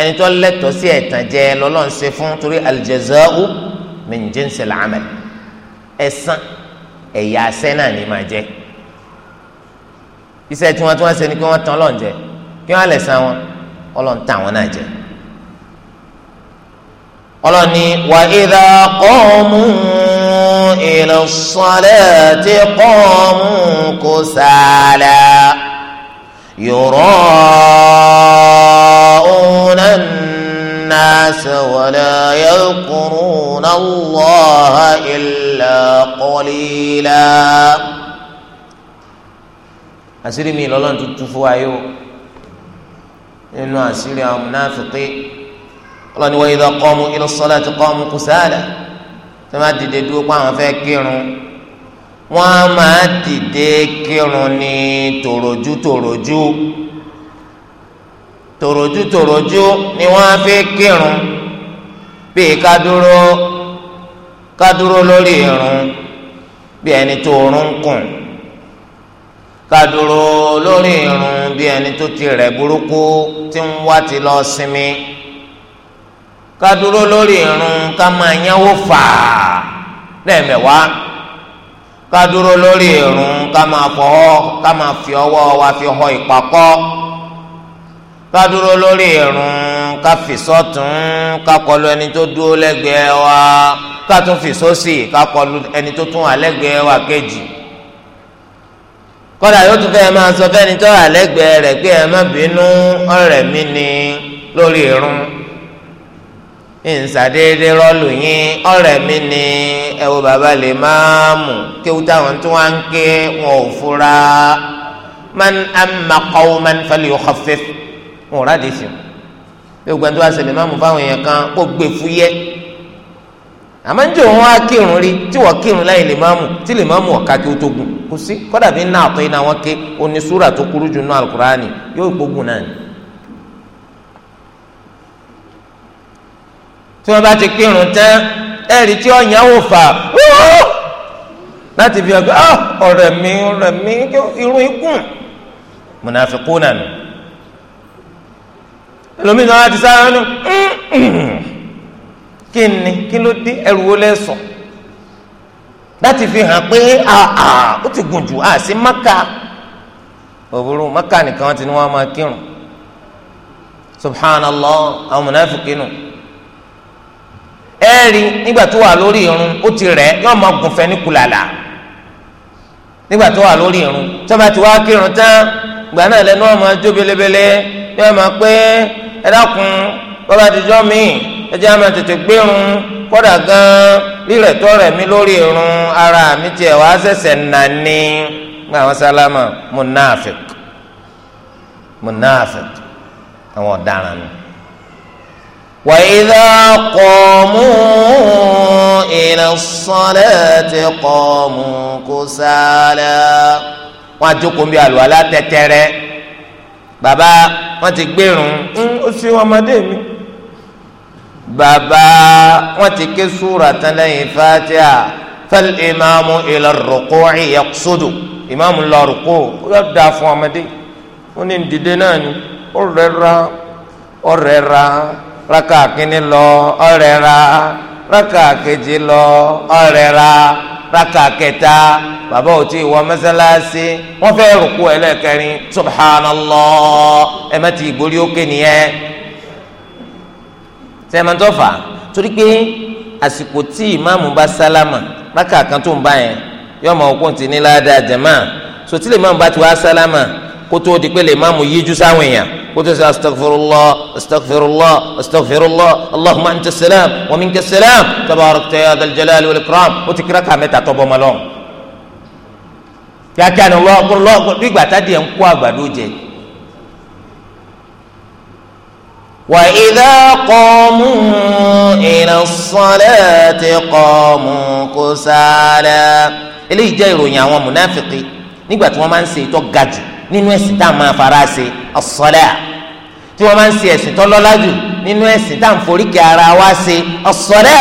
ẹni tó lẹ́tọ̀ọ́ sí ẹ̀tàn jẹ lọ́lọ́ ń ṣe fún torí al-jazā'u min jinsil 'amal ẹ̀san ẹ̀yà asẹ́ náà ni máa jẹ́ iṣẹ́ tí wọ́n tí wọ́n ṣe ni kí wọ́n tan ọlọ́run jẹ kí wọ́n á lẹ̀ san wọn ọlọ́run tàn wọn náà jẹ. ọlọ́run ni wà idha qamu ila salati qamu kusala yura'una an-nas wa la yadhkuruna Allaha illa qalila àṣírí mi lọ́lọ́run tó tú fún wa yìí o nínú àṣírí àwọn múnáfìkì ọlọ́ni wa idha qamu ila salati qamu kusala tó máa dìde dúró pé àwọn fẹ́ kírun wọ́n á máa dìde kírun ní tòròjú tòròjú tòròjú tòròjú ni wọ́n á fi kírun bíi ká dúró lórí irun bíi ẹni tó orun kùn. Kaduro lórí irun bí ẹni tó ti rẹ̀ burúkú tí ń wá ti lọ sinmi kádúró lórí irun ká máa yánwó fà lẹ́ẹ̀mẹ̀wá kádúró lórí irun ká máa fọwọ́ ká máa fi ọwọ́ wa fi họ ìpàkọ́ kádúró lórí irun ká fi sọ́tún ká kọlu ẹni tó dúró lẹ́gbẹ̀ẹ́ wa ká tún fi sósì ká kọlu ẹni tó tún wà lẹ́gbẹ̀ẹ́ wa kejì kọ́dà yóò tún fẹ́ máa sọ fẹ́ni tó wà lẹ́gbẹ̀ẹ́ rẹ̀ pé ẹ má bínú ọ̀rẹ́ mi ni lórí irun ìsàdéédé rọ́ọ̀lù yín ọ̀rẹ́ mi ni ẹ wo bàbá lè máa mú kéwu táwọn tí wọ́n á ń ké wọn ò fura man amma qawman falyukhaffif wọn ò rádìí sí i gbogbo ẹni tó wá ṣẹlẹ̀ máa mú fáwọn èèyàn kan kó gbé fúyẹ́ àmọ́ njẹ́ òun á kírun rí tí wọ́n kírun láyé lè máa mú tí lè máa mú ọ̀ka kí ó tó gùn kò sí kọ́dà bí náà àtọ́ iná wọn ké oní súrà tó kúrú jù náà alukurani yóò gbógun náà ni. tí wọ́n bá ti kírun tán ẹ̀rí tí ọ̀yàn wò fà láti fi ọgbẹ́ ah, ọ̀rẹ́ mi ọ̀rẹ́ mi irun ikùn mùnàfíkún nànú ẹlòmíràn á sáré nù. kí ni kí ló dé ẹrù wo lẹ́sọ̀ láti fi hàn pé àà ó ti gùn jù àà maka òwúrò maka nìkan ti ní wọn máa kírun subhanallah àwọn ẹ̀rí nígbà tó wà lórí irun ó ti rẹ̀ yóò máa gùnfẹ́ ní nígbà tó wà lórí irun belebele yóò máa pé ẹ dákun ẹjẹ́ àmà tètè gbérun kódà gan rírẹ̀ tọ́ rẹ̀ mí lórí irun ara mi tiẹ̀ wá sẹ̀sẹ̀ nàní gba àwọn sálámà munafik munafik àwọn ọ̀daràn ni. وإذا قاموا إلى الصلاة قاموا كسالى wọ́n á jókòó bí àlùwàlá tẹ̀tẹ̀rẹ̀ bàbá wọ́n ti gbérun ó bàbá wọn ti ké súra tán lẹ́yìn fatiha fal imaamu ila rukuci yaqsudu imaamu lọ ruku yọ da fún ọmọdé wọn ni dìde náà ni ọrẹ ra ọrẹ ra raka kínní lọ ọrẹ ra raka kejì lọ ọrẹ ra raka kẹta bàbá ò tí wọ mẹsàlásì wọn fẹẹ ruku ẹlẹ́kẹrin subhanallah ẹ má ti gbórí òkè nìyẹn sẹ́mọ̀tò fà á torí pé àsìkò tí ìmáàmù bá sálámà rákà kan tó ń bá yẹn yóò mọ òkú ti ní ládàá jẹ̀má sòtí lè máàmù bá ti wá sálámà kó tó di pé lè máàmù yíjú sáwọn èèyàn kó tó sọ astagfirullah astagfirullah astagfirullah allahumma anta salam wa minka salam tabarakta ya dal jalali wal ó ti kíra kà mẹ́ta tọ́ bọ́mọ lọ́wọ́ kíákíá ni lọ́ọ̀kú lọ́ọ̀kú nígbà tá وإذا قاموا إلى الصلاة قاموا كسالى eléyìí jẹ́ ìròyìn àwọn munafiki nígbà tí wọ́n máa ń ṣe ìtọ́ ga jù nínú ẹ̀sìn tá a máa fara ṣe as-sala tí wọ́n máa ń ṣe ẹ̀sìn tó lọ́lá jù nínú ẹ̀sìn tá a ń foríkì ara wa ṣe as-sala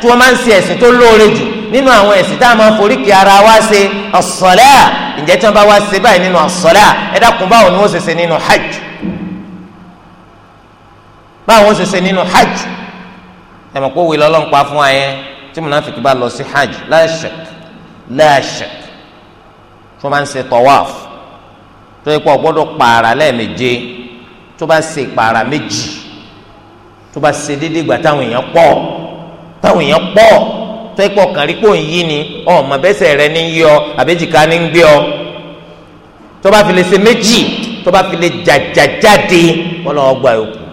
tí wọ́n máa ń ṣe ẹ̀sìn tó lóore jù nínú àwọn ẹ̀sìn tá a máa foríkì ara wa ṣe as-sala ǹjẹ́ tí wọ́n bá wá ṣe báyìí nínú as-sala ẹ dákun báwo ni wọ́n ṣe ṣe nínú hajj báwọn ṣe ṣe nínú hajj ẹ̀mọ̀ kó wí lọ́lọ́run pa fún wa yẹn tí mùnàfíkì bá lọ sí hajj láṣẹk láṣẹk tó máa ń ṣe tọwáf tó yẹ kó o gbọ́dọ̀ pààrà lẹ́ẹ̀méje tó bá ṣe pààrà méjì tó bá ṣe déédéé gbà táwọn èèyàn pọ̀ táwọn èèyàn pọ̀ tó yẹ kó o kàn rí pò ń yí ni ọmọ bẹ́sẹ̀ rẹ ní yí ọ ní gbé ọ tó bá fi lè ṣe méjì tó bá fi lè jàjàjáde wọ́n lọ́ọ́ gbà yòókù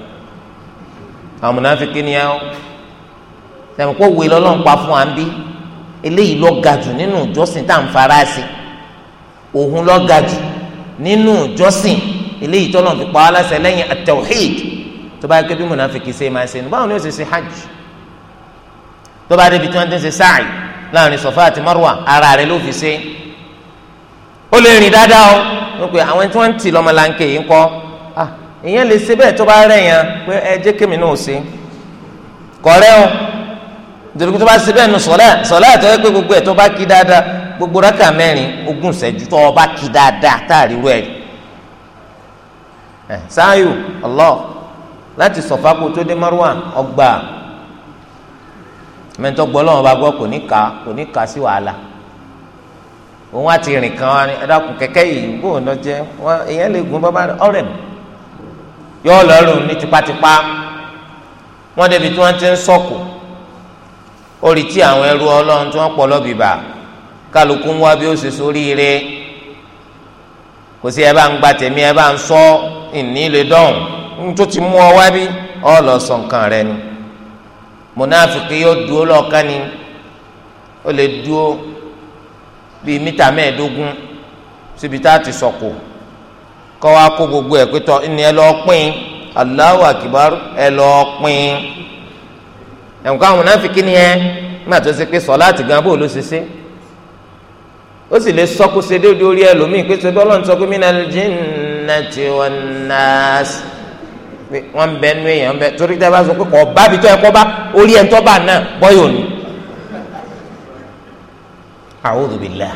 àwọn mùnàfíkì ni àwọn sẹ́mi kó wé lọ́lọ́run pa fún wa bí eléyìí ló ga nínú ìjọsìn tá à ń fara sí òun ló ga nínú ìjọsìn eléyìí tọ́lọ́run fi pa wá láṣẹ lẹ́yìn at tó bá yẹ kó bí mùnàfíkì ṣe máa ṣe ni báwo ni ó ṣe ṣe hajj tó bá débi tí wọ́n ti ń ṣe sáàyè láàrin Safa àti Marwa ara rẹ̀ ló fi ṣe ó lè rìn dáadáa o wọ́n pe àwọn tí wọ́n ń tì lọ́mọláńkè yìí ń kọ́ ah ìyẹn lè se bẹ́ẹ̀ tó bá rẹ̀ yẹn pé ẹ jẹ́ kémi náà ṣe kọ̀rẹ́ o nítorí tó bá se bẹ́ẹ̀ nu gbogbo ẹ̀ tó bá kí dáadáa gbogbo rákà mẹ́rin ogún ṣẹ́jú tó bá kí dáadáa táàrí rẹ̀ ẹ̀ sáyò láti tó dé ọgbà mẹ́tọ́ bá gbọ́ kò ní kò ní sí wàhálà òun àti rìn kan kẹ̀kẹ́ yìí jẹ́ yóò lọ́rùn ní tipátipá wọ́n débi tí wọ́n ti ń sọ̀kò orí tí àwọn ẹrú ọlọ́run tí wọ́n pọ̀ lọ́bìbà kálukú ń wá bí ó ṣe sóríire kò sí ẹ bá ń gba tèmi ẹ bá ń sọ ìní lè dọ̀hùn ní tó ti mú ọ wá bí ọ lọ sọ nǹkan rẹ ni mùnáfìkì yóò dúró lọ́ọ̀kan ni ó lè dúró bíi mítà mẹ́ẹ̀ẹ́dógún síbi tá a ti sọ̀kò. So kọ́ wa kó gbogbo ẹ̀ pétọ́ ẹni ẹ lọ pín Allahu Akbar ẹ lọ pín ẹ̀wọ̀n káwọn náà fi kí ni ẹ má tó ṣe pé sọ̀láàtì gan bó ló ṣe ṣe ó sì lè sọ kó ṣe déédéé orí ẹlòmíì pé ṣe bọ́lọ̀ ń sọ pé minal jinnati wan nas wọ́n ń bẹ nú èèyàn bẹ torí tẹ́ bá sọ pé kọ́ bá bi tọ́ ẹ kọ́ bá orí ẹ̀ ń tọ́ bá náà bọ́yọ̀ ni. A'udhu billah.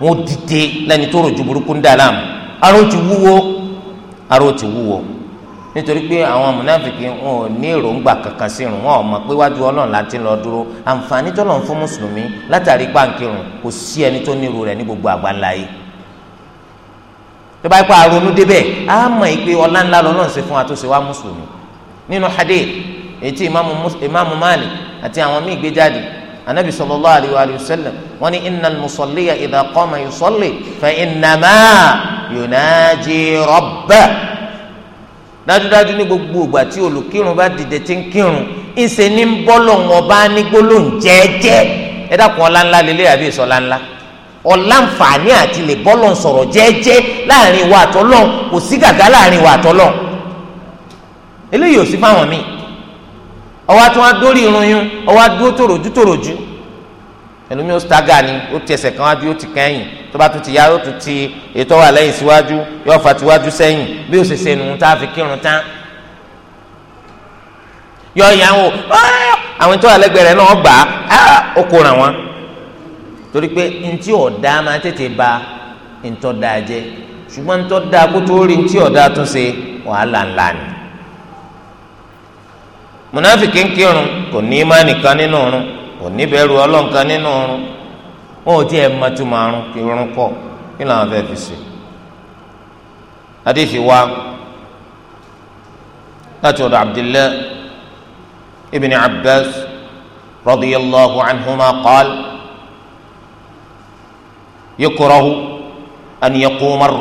wọn dìde lẹ́ni tó rojú burúkú ń dà láàmú aró ti wúwo aró ti wúwo nítorí pé àwọn amúnáfìkì wọn ò ní èròǹgbà kankan sí irun wọn ò mọ̀ pé wájú ọlọ́run láti lọ dúró àǹfààní tó lọ́n fún mùsùlùmí látàrí pàǹkìrùn kò sí ẹni tó nírú rẹ̀ ní gbogbo àgbáńlá yìí tó bá yẹ kó àrònú débẹ̀ á mọ̀ ìpè ọlá ńlá lọ́lọ́run ṣe fún wa tó ṣe wá mùsùlùmí nínú hadith ètí ìmáàmù Malik àti àwọn míì gbé jáde anabi sallallahu alayhi wa alayhi wa sallam wọ́n ní innal musalliya idha qama yusalli fa innama yunaji rabbah dájúdájú ní gbogbo ìgbà tí olùkírun bá dìde tí ń kírun ìṣe ní ń bọ́ bá ní gbólóhùn jẹ́ẹ́jẹ́ ẹ dákun ọlá lélẹ́ àbí ìsọ ọlá ńlá àti lè bọ́lọ̀ sọ̀rọ̀ jẹ́ẹ́jẹ́ láàrin ìwà àtọ́lọ́ kò sí gàgá láàrin ìwà àtọ́lọ́ eléyìí ò sí fáwọn míì ọwọ́ àti wọn adórí irun ọwọ́ adúró tòròjú tòròjú ẹlòmí ó staga ni ó ti ẹsẹ̀ kan wájú ó ti kẹ́yìn tó bá tún ti ya ó tún ti ètò wà lẹ́yìn síwájú yóò fa tiwájú sẹ́yìn bí ó ṣe ṣe nù tá a fi kírun tán yọ ìyá wọn àwọn tó alẹ́gbẹ̀rẹ̀ náà gbà á ó kó ràn wọ́n torí pé ntí ọ̀dá máa tètè ba ntọ́ da jẹ ṣùgbọ́n ntọ́ da kó tó rí ntí ọ̀dá tún ṣe wàhálà ńlá ni munafiki ń kírun kò ní imáni kan nínú ọrùn kò ní bẹ̀rù Ọlọ́run kan nínú ọrùn wọn ò tí ẹ mọtú márùn kírun kọ kí làwọn fẹẹ fi ṣe hadithi wa láti ọ̀dọ̀ abdillah ibn abbas radiyallahu anhuma qaal yukrahu an yaquma ar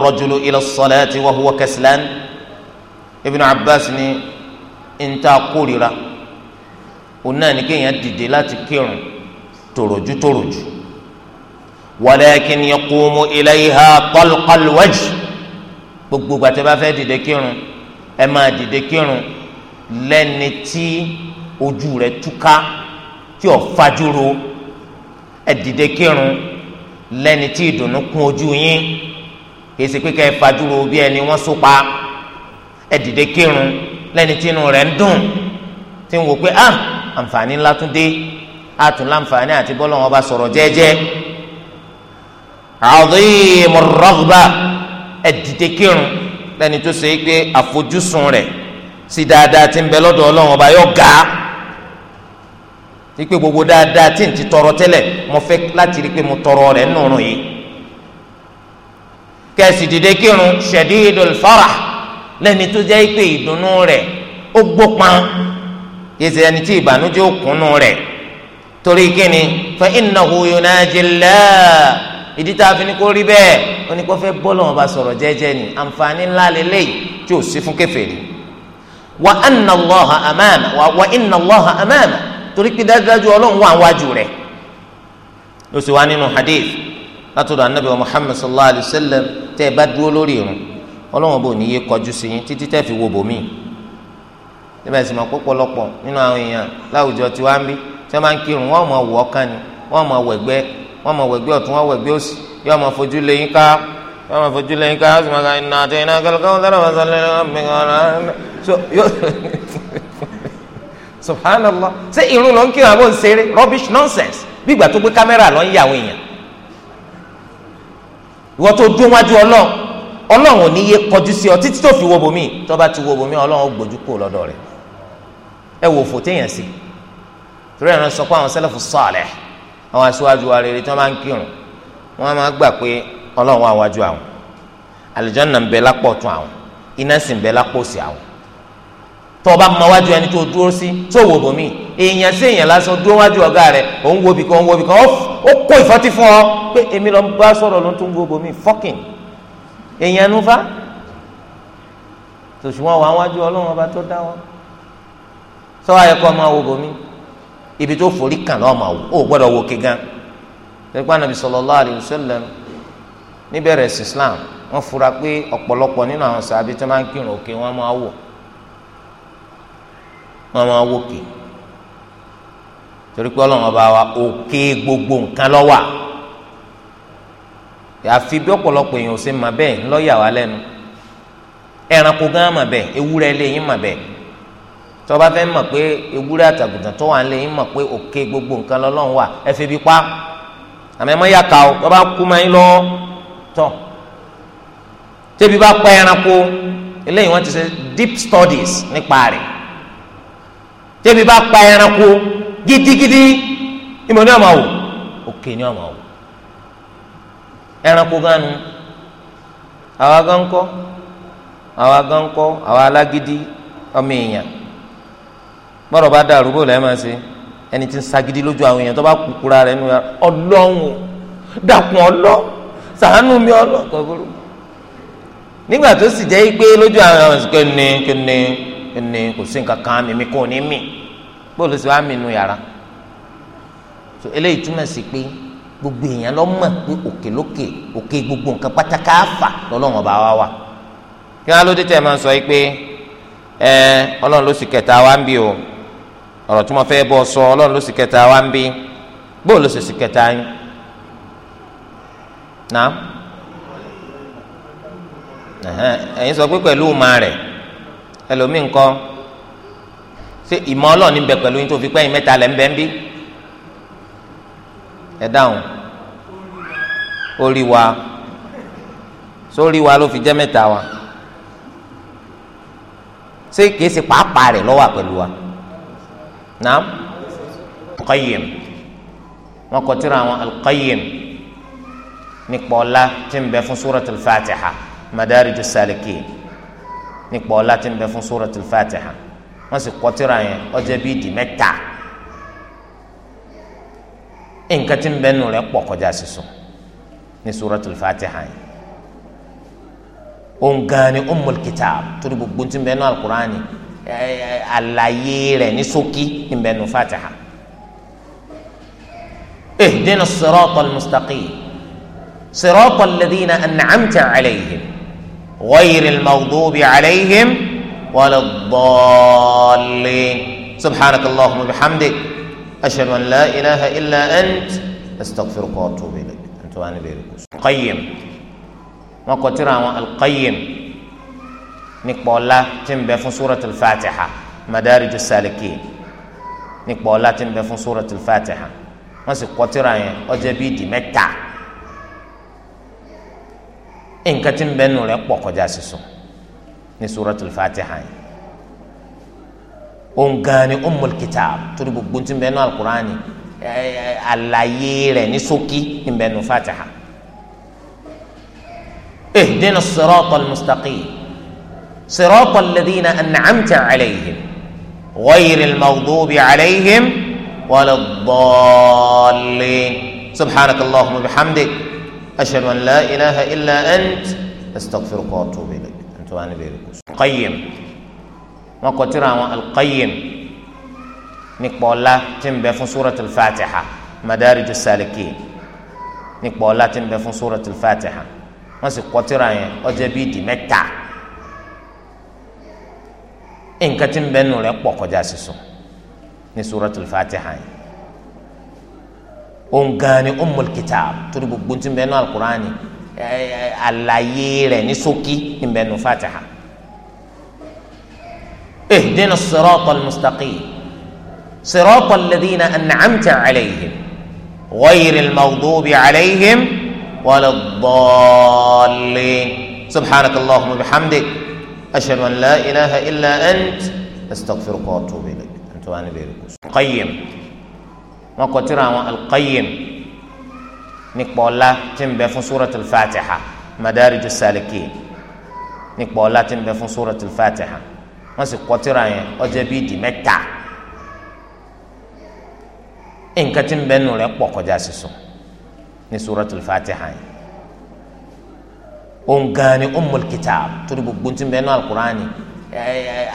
ila as-salati wa huwa kaslan ibn ni ńta kórira òun náà ní kéèyàn dìde láti kírun tòròjú tòròjú walakin yaqumu ilayha talqal wajh gbogbo gbàtẹ́ bá fẹ́ dìde kírun ẹ máa dìde kírun lẹ́ni tí ojú rẹ̀ túká tí ò fajúro ẹ dìde kírun lẹ́ni tí ìdùnnú kún ojú yín kì pé ká ẹ fajúro bí ẹni wọ́n sópa ẹ dìde kírun lẹ́ni tí inú rẹ̀ ń dùn tí ń wò pé ah àǹfààní ńlá tún dé a tún láǹfààní àti bọ́lá wọn bá sọ̀rọ̀ jẹ́ẹ́jẹ́ àdéhìmọ̀ rọ́gbà ẹ̀dìdẹ́ kírun lẹ́ni tó ṣe é pé àfojúsùn rẹ̀ sí dáadáa tí ń bẹ lọ́dọ̀ ọlọ́run ọba yóò ga wípé gbogbo dáadáa tí n ti tọrọ tẹ́lẹ̀ mo fẹ́ láti rí i pé mo tọrọ rẹ̀ nùrùn yìí kẹ́sì dìde kírun ṣẹ̀dí ìdòlfàrà lẹ́ni tó jẹ́ pé ìdùnnú rẹ̀ ó gbópan yẹsẹ ẹni tí ìbànújẹ́ ó kúnnú rẹ̀ torí kíni fa innahu yunaji Allah ìdí tá a fi ní kó rí bẹ́ẹ̀ ó ní kó fẹ́ bọ́ọ̀lù wọn bá sọ̀rọ̀ jẹ́jẹ́ ni àǹfààní ńlá lélẹ́yìí tí ò sí fún kèfèrí wa anna Allaha amama wa inna Allaha amama torí pé dájúdájú ọlọ́run wà wájú rẹ̀ ló sì wá nínú hadith látọ̀dọ̀ anabi muhammad sallallahu alayhi wa sallam tẹ́ ẹ bá dúró lórí irun ọlọ́wọ́n bò ní yé kọjú sí yín títí tẹ́ fi wo bòmíì níbẹ̀ sì máa pọ́pọ́lọpọ̀ nínú àwọn èèyàn láwùjọ tí wọ́n ń bí tí wọ́n máa ń kírun wọ́n mọ̀ wọ́ ni wọ́n mọ̀ wẹ̀gbẹ́ wọ́n mọ̀ wẹ̀gbẹ́ ọ̀tún wọ́n wẹ̀gbẹ́ òsì yóò máa fojú lẹ́yìn ká yóò fojú lẹ́yìn ká máa àti ọlọ́run ò ní yé kọjú sí ọ títí tó fi wo bomi tó bá ti wo bomi ọlọ́run ó gbójú kúrò lọ́dọ̀ rẹ̀ ẹ wò fò téèyàn sí torí ẹ̀rọ sọ pé àwọn sẹ́lẹ̀fù sọ̀ọ̀lẹ̀ àwọn aṣáájú wa rere tí wọ́n máa ń kírun wọ́n máa gbà pé ọlọ́run wà wájú àwọn àlùjánnà ń bẹ lápò tún àwọn iná sì ń bẹ lápò sí àwọn tó o bá mọ wájú ẹni tó o dúró sí tó o wò bomi èèyàn sí èèyàn lásán dúró wájú ọ̀gá rẹ̀ òun wo bìkan òun wo bìkan ó kó ìfọ́tí fún ọ pé èmi lọ bá sọ̀rọ̀ ló tún wo bomi fọ́kìn èèyàn nufa tòṣùwọ̀n wà wájú ọlọ́run ọba tó dá wọn sọ ayẹkọ máa wo bomi ibi tó forí kàn lọ́ọ́ máa wò ó gbọ́dọ̀ wo ké gan nípa nàbì sallallahu alaihi níbẹ̀rẹ̀ sí islam wọ́n fura pé ọ̀pọ̀lọpọ̀ nínú àwọn sàbí tó máa ń kírun òkè wọ́n máa wò wọ́n máa wò ké torí pé ọlọ́run ọba wa òkè gbogbo nǹkan ló wà. àfi bí ọ̀pọ̀lọpọ̀ èèyàn ò ṣe mà bẹ́ẹ̀ ńlọ́yà wá lẹ́nu ẹranko gan ma bẹ́ẹ̀ ewúrẹ́ lé yín mà bẹ́ẹ̀ tọ́ba fẹ́ mọ̀ pé ewúrẹ́ àtàgùntàn tó wà lé yín mọ̀ pé òkè gbogbo nǹkan lọ́lọ́run wà ẹ fi pa àmọ́ ẹ mọ́ yà ká o tọ́ba kú yín tọ̀ tẹ́bi bá pa ẹranko eléyìí wọ́n ti ṣe deep studies nípa rẹ̀ pa ẹranko gidigidi ìmọ̀ ní òkè ní ẹranko gánu àwa gan kọ́ àwa gan kọ́ àwa alágídí ọmọ èèyàn bọ́dọ̀ bá dàrú bò lẹ́ẹ̀ máa ṣe ẹni tí ń sagídí lójú àwọn èèyàn tó bá kúkúra rẹ̀ nù ọlọ́run o dàkún ọlọ́ ṣàánú mi ọlọ́ kọ̀ọ̀bùrù nígbà tó sì jẹ́ pé lójú àwọn èèyàn ṣe kéne kéne kéne kò sí nǹkan kan mímí kò ní mì bóòlù sì wá mì nù yàrá eléyìí túmọ̀ sí pé gbogbo èèyàn lọ mọ̀ pé òkè lókè òkè gbogbo nǹkan pátákà fà lọ́lọ́run ọba wa wà kí wọn lóde tẹ máa sọ yìí pé ẹ Ọlọ́run ló sì kẹta wa ń bí o ọ̀rọ̀ tí mo fẹ́ bọ sọ Ọlọ́run ló sì kẹta wa ń bí bóò ló sì sì kẹta yín náà ẹ̀yin sọ pé pẹ̀lú ìmọ̀ rẹ̀ ẹlòmíì ńkọ́ ṣé ìmọ̀ Ọlọ́run bẹ pẹ̀lú yín tó fi pẹ́yìn mẹ́ta lẹ́ ń bẹ́ ń bí ẹ dáhùn ó rí wa sórí wa ló fi jẹ́ mẹ́ta wa ṣé kìí ṣe pàápàá rẹ̀ lọ́wọ́ pẹ̀lú wa naam Qayyim wọn kọ tírà àwọn Al-Qayyim nípa ọlá tí ń bẹ fún Suratul Fatiha Madarijus Salikin nípa ọlá tí ń bẹ fún Suratul Fatiha wọn sì kọ tírà yẹn ó bíi di mẹ́ta. nǹkan tí ń bẹ nù rẹ̀ pọ̀ kọjá sísọ ní suratul fatiha yìí ongaani ummul kitab torí gbogbo tí ń bẹ nù alukurani àlàyé rẹ̀ ní ṣókí ń bẹ nù fatiha ihdina siratal mustaqim siratal ladina an'amta alayhim ghayril maghdubi alayhim wala ddallin subhanakallahumma bihamdik. ashhadu an la ilaha illa ant astaghfiruka wa atubu ilayk ẹ̀ntọ́ wa níbi èrè kùsùn. Qayyim wọn kọ tírà àwọn Al-Qayyim nípa ọlá tí ń bẹ fún suratul Fatiha Madarijus Salikin nípa ọlá tí ń bẹ fún suratul Fatiha wọn sì kọ tírà yẹn ó jẹ́ bíi ìdí mẹ́ta nǹkan tí ń bẹ nù rẹ̀ pọ̀ kọjá sísun ní suratul Fatiha yẹn. ongani umul kitab turi gbogbo tí ń bẹ alukurani àlàyé rɛ ní ṣókí ń bẹ nínú fatiha ihdina sirata almustaqim sirata alladhina an'amta alayhim ghayri almaghdubi alayhim wala ad-dallin subhanaka allahumma bihamdi ashadu an la ilaha illa ant astaghfiruka wa atubu ilayk antu ani bi qayyim wọn kọ tírà àwọn alqayyim nípa ọlá tí ń bẹ fún suratul fatiha madariju salikin nípa ọlá tí ń bẹ fún suratul fatiha wọn sì kọ tírà yẹn ó jẹ́ bíi di mẹ́ta nǹkan tí ń bẹ nù rẹ̀ pọ̀ kọjá sísọ ní suratul fatiha yẹn òun gan torí gbogbo tí ń bẹ nù alukurani àlàyé rẹ̀ ní ṣókí ń bẹ nù fatiha. اهدنا الصراط المستقيم صراط الذين أنعمت عليهم غير المغضوب عليهم ولا الضالين سبحانك اللهم وبحمدك أشهد أن لا إله إلا أنت أستغفرك وأتوب إليك أنت وأنا بيركوس القيم وقتر القيم نقبل الله tí ń سوره الفاتحه مدارج السالكين نقبل الله salikin nípa سوره الفاتحه wọ́n sì kọ tírà yẹn ó jẹ́ bí ìdí mẹ́ta nǹkan tí ń bẹ nù rẹ̀ pọ̀ kọjá sísun ní suratul fatiha yẹn ongaani ummul kitab torí gbogbo tí ń bẹ nù alukurani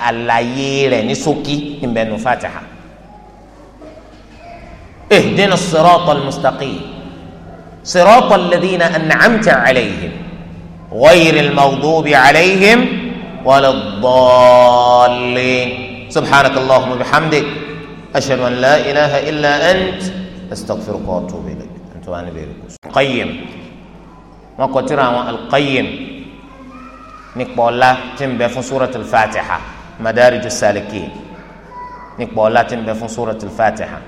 àlàyé rẹ̀ ní ṣókí ń bẹ nù fatiha ihdina siratal mustaqim siratal ladina an'amta alayhim ghayril maghdubi alayhim. ولا الضالين سبحانك اللهم وبحمدك أشهد أن لا إله إلا أنت أستغفرك وأتوب إليك أنت وأنا بيرك قيم ما قتر القيم نقبل الله تنبه في سورة الفاتحة مدارج السالكين نقبل الله تنبه في سورة الفاتحة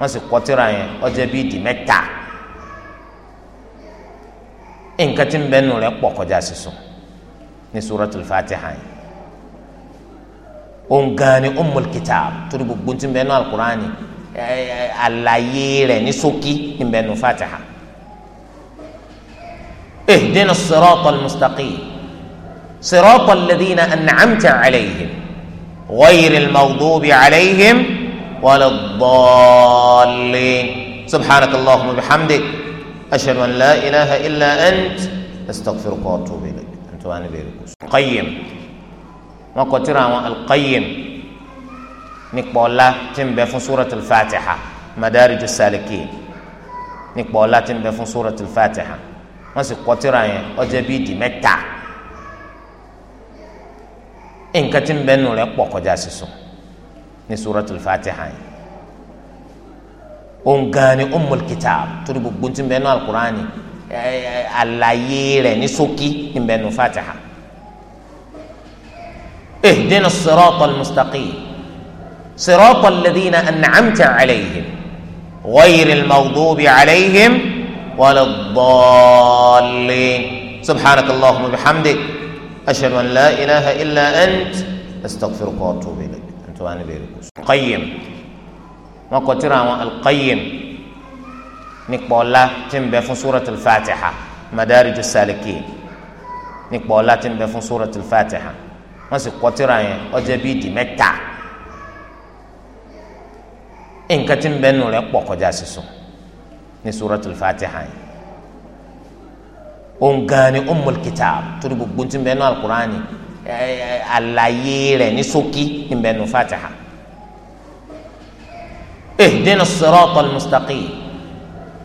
ما سقطر عن أجبيدي متى nǹkan tí ń bẹ́ẹ̀ nù ní suratul fatiha yi o yìí ongaani ummul kitab torí gbogbo tí ń bẹ nínú alukurani àlàyé rɛ ní ṣókí ń bẹ nu fatiha eh ihdina siratal mustaqim siratal ladina an'amta alayhim ghayril maghdubi alayhim bɔɔli subhanaka allahumma bihamdik ashhadu an la ilaha illa ant astaghfiruka wa tó wà níbi èrè kò sùn. Qayyim wọn kọ tírà àwọn Al-Qayyim nípa ọlá tí ń bẹ fún Suratul Fatiha Madarijus Salikin nípa ọlá tí ń bẹ fún Suratul Fatiha wọn sì kọ tírà yẹn ó bíi ìdí mẹ́ta nǹkan tí ń bẹ nù rẹ̀ pọ̀ kọjá sísun ní Suratul Fatiha yẹn òun Ummul Kitab torí gbogbo tí ń bẹ nù al àlàyé rẹ̀ ní ṣókí ìbẹnu fatiha ihdina sirata almustaqim sirata alladhina an'amta alayhim ghayri almaghdubi alayhim wala ddallin subhanaka allahumma bihamdik ashhadu an la ilaha illa ant astaghfiruka wa bi ilayk antu wa ana bi qayyim wọn kọ tírà àwọn alqayyim. nípa ọlá tí ń bẹ fún suratul fatiha madariju salikin nípa ọlá tí ń bẹ fún suratul fatiha wọn sì kọtìrà yẹn ọjọ bíi di mẹ́ta nǹkan tí ń bẹ nù rẹ pọ̀ kọjá sísun ní suratul fatiha yẹn òun gan ni ummul kitab torí gbogbo tí ń bẹ nù alukurani àlàyé rẹ ní ṣókí ń bẹ nù fatiha ihdina siratal mustaqim.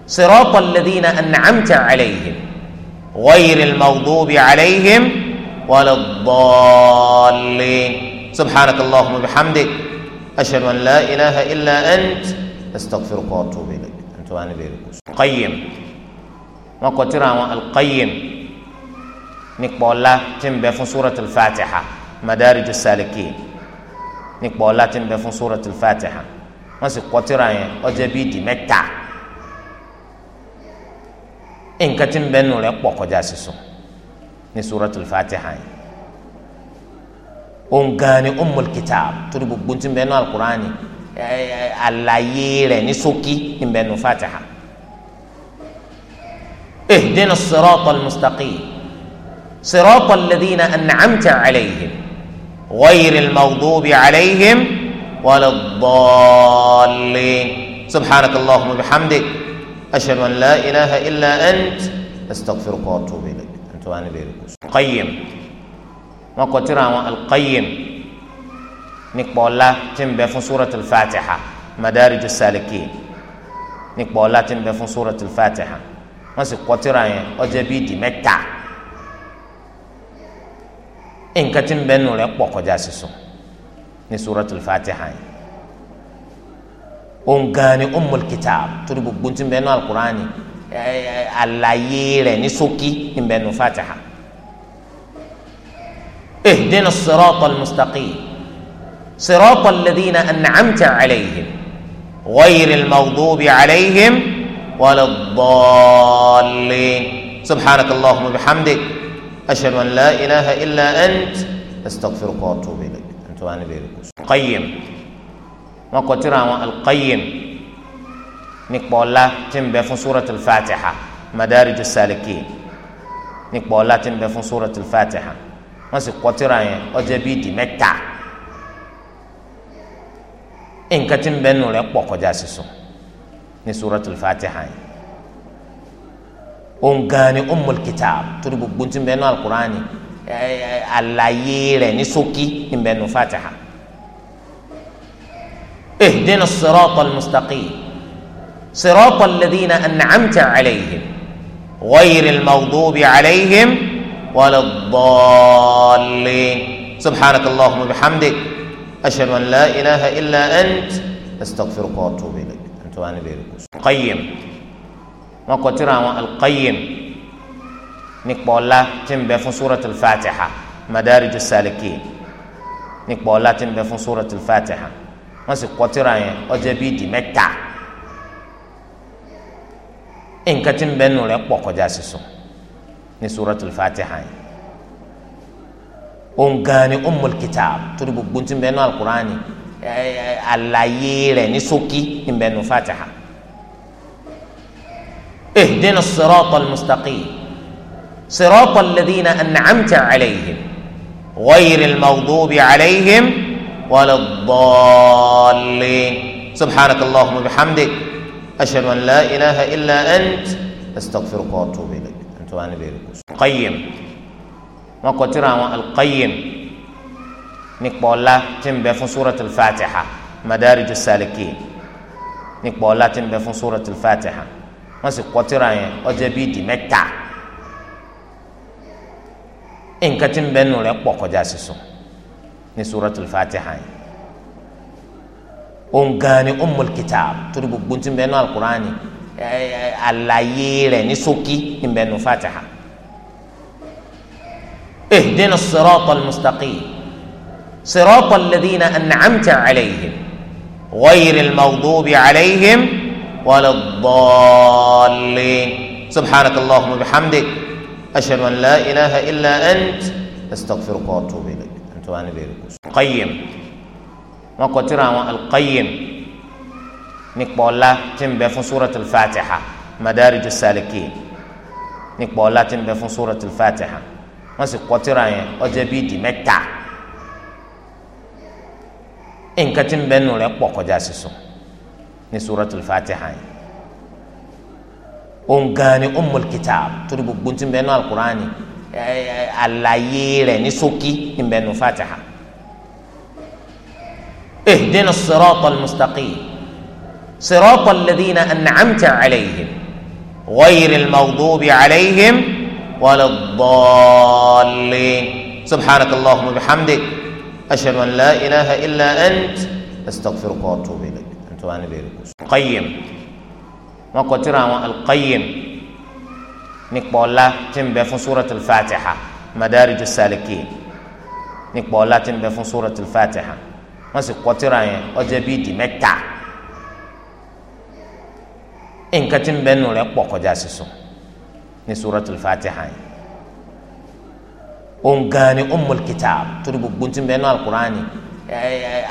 صراط الذين أنعمت عليهم غير المغضوب عليهم ولا الضالين سبحانك اللهم وبحمدك أشهد أن لا إله إلا أنت أستغفرك وأتوب إليك أنت وأنا بيرك قيم ما قتر القيم نقبل الله تنبه في سورة الفاتحة مدارج السالكين نقبل الله تنبه في سورة الفاتحة ما سي قتر أجابيدي متى nǹkan tí ń bẹ nù rẹ̀ pọ̀ kọjá sísọ ní suratul fatiha yìí ongan ni ummul kitab torí gbogbo tí ń bẹ àlàyé rẹ̀ ní ṣókí ń bẹ nù eh ihdina siratal mustaqim siratal ladina an'amta alayhim ghayril maghdubi alayhim wala ddallin subhanakallahumma bihamdik. ashhadu an la ilaha illa ant astaghfiruka wa atubu ilayk ẹ̀ntọ́ wa ni bẹ̀rẹ̀ kù. Qayyim wọn kọ tírà àwọn Al-Qayyim nípa ọlá tí ń bẹ fún suratul Fatiha Madarijus Salikin nípa ọlá tí ń bẹ fún suratul Fatiha wọn sì kọ tírà yẹn ó jẹ́ bíi di mẹ́ta nǹkan tí ń bẹ nù rẹ̀ pọ̀ kọjá sísun ní suratul Fatiha yẹn. ongan ni ummul kitab torí gbogbo tí ń bẹ nínú alukurani àlàyé rɛ ní ṣókí ti bẹ nínú fatiha ihdina sɔrɔtɔl mustaqi sɔrɔtɔl ladina an'amta alayhim ghayril maghdubi alayhim waladdallin subhanaka allahumma bihamdik ashhadu an la ilaha illa ant astaghfiruka wa atubu ilayk antu ani bẹ̀rẹ̀ kùsùn. qayyim. wọn kọ tírà àwọn alqayyim nípa ọlá tí ń bẹ fún suratul fatiha madarijus salikin nípa ọlá tí ń bẹ fún suratul fatiha wọn sì kọ tírà yẹn ó jẹ́ bíi ìdí mẹ́ta nǹkan tí ń bẹ nù rẹ̀ pọ̀ kọjá sísun ní suratul fatiha yẹn ongaani umul torí gbogbo tí ń bẹ nù alukurani àlàyé rẹ̀ ní ṣókí ń bẹ nù fatiha. اهدنا الصراط المستقيم صراط الذين أنعمت عليهم غير المغضوب عليهم ولا الضالين سبحانك اللهم وبحمدك أشهد أن لا إله إلا أنت أستغفرك وأتوب إليك أنت وأنا بيركوس القيم ما القيم nípa القيم tí ń bẹ fún سورة الفاتحة مدارج السالكين salikin nípa ọlá tí سورة الفاتحة wọ́n sì kọ tírà yẹn ó jẹ́ bíi ìdí mẹ́ta nǹkan tí ń bẹ nù rẹ̀ pọ̀ kọjá sísun ní suratul fatiha yẹn òun gan ni ummul kitab torí gbogbo tí ń bẹ nù alukurani àlàyé rẹ̀ ní ṣókí ń bẹ nù fatiha ihdina siratal mustaqim siratal ladina an'amta alayhim ghayril maghdubi alayhim. ولا الضالين سبحانك اللهم وبحمدك أشهد أن لا إله إلا أنت أستغفرك وأتوب إليك أنت وأنا بيرك القيم ما قتر القيم nípa ọlá tí ń bẹ fún suratul fatiha madariju salikin nípa ọlá tí ń bẹ fún suratul fatiha wọn sì kọtìrà yẹn ọjọ bíi di mẹ́ta nǹkan tí ń bẹ nù rẹ̀ pọ̀ kọjá sísun ní suratul fatiha yìí ònkan ni ummul kitab torí gbogbo tí ń bẹ nù alukurani àlàyé rɛ ní ṣókí ń bẹ nù fatiha ihdina siratal mustaqim siratal ladina an'amta alayhim ghayril maghdubi alayhim waladdallin subhanakallahumma bihamdik ashhadu an la ilaha illa ant astaghfiruka tubi. tó wà níbẹ̀ rẹ̀ kò sùn. Qayyim wọn kọ tírà àwọn Al-Qayyim nípa ọlá tí ń bẹ fún Suratul Fatiha Madarijus Salikin nípa ọlá tí ń bẹ fún Suratul Fatiha wọn sì kọ tírà yẹn ó bíi ìdí mẹ́ta nǹkan tí ń bẹ nù rẹ̀ pọ̀ kọjá sísun ní Suratul Fatiha yẹn òun Ummul Kitab torí gbogbo tí ń bẹ àlàyé rẹ̀ ní ṣókí ìbẹnu fatiha ihdina sirata almustaqim sirata alladhina an'amta alayhim ghayri almaghdubi alayhim wala ad-dallin subhanaka wa bihamdik ashadu an la ilaha illa ant astaghfiruka wa atubu ilayk antu wa ana bi qayyim wọn kọ tírà àwọn alqayyim. nípa ọlá tí ń bẹ fún suratul fatiha madarijus salikin nípa ọlá tí ń bẹ fún suratul fatiha wọ́n sì kọ tírà yẹn ó jẹ́ bíi ìdí mẹ́ta nǹkan tí ń bẹ nù rẹ̀ pọ̀ kọjá sísun ní suratul fatiha yẹn ongaani ummul torí gbogbo tí ń bẹ nù alukurani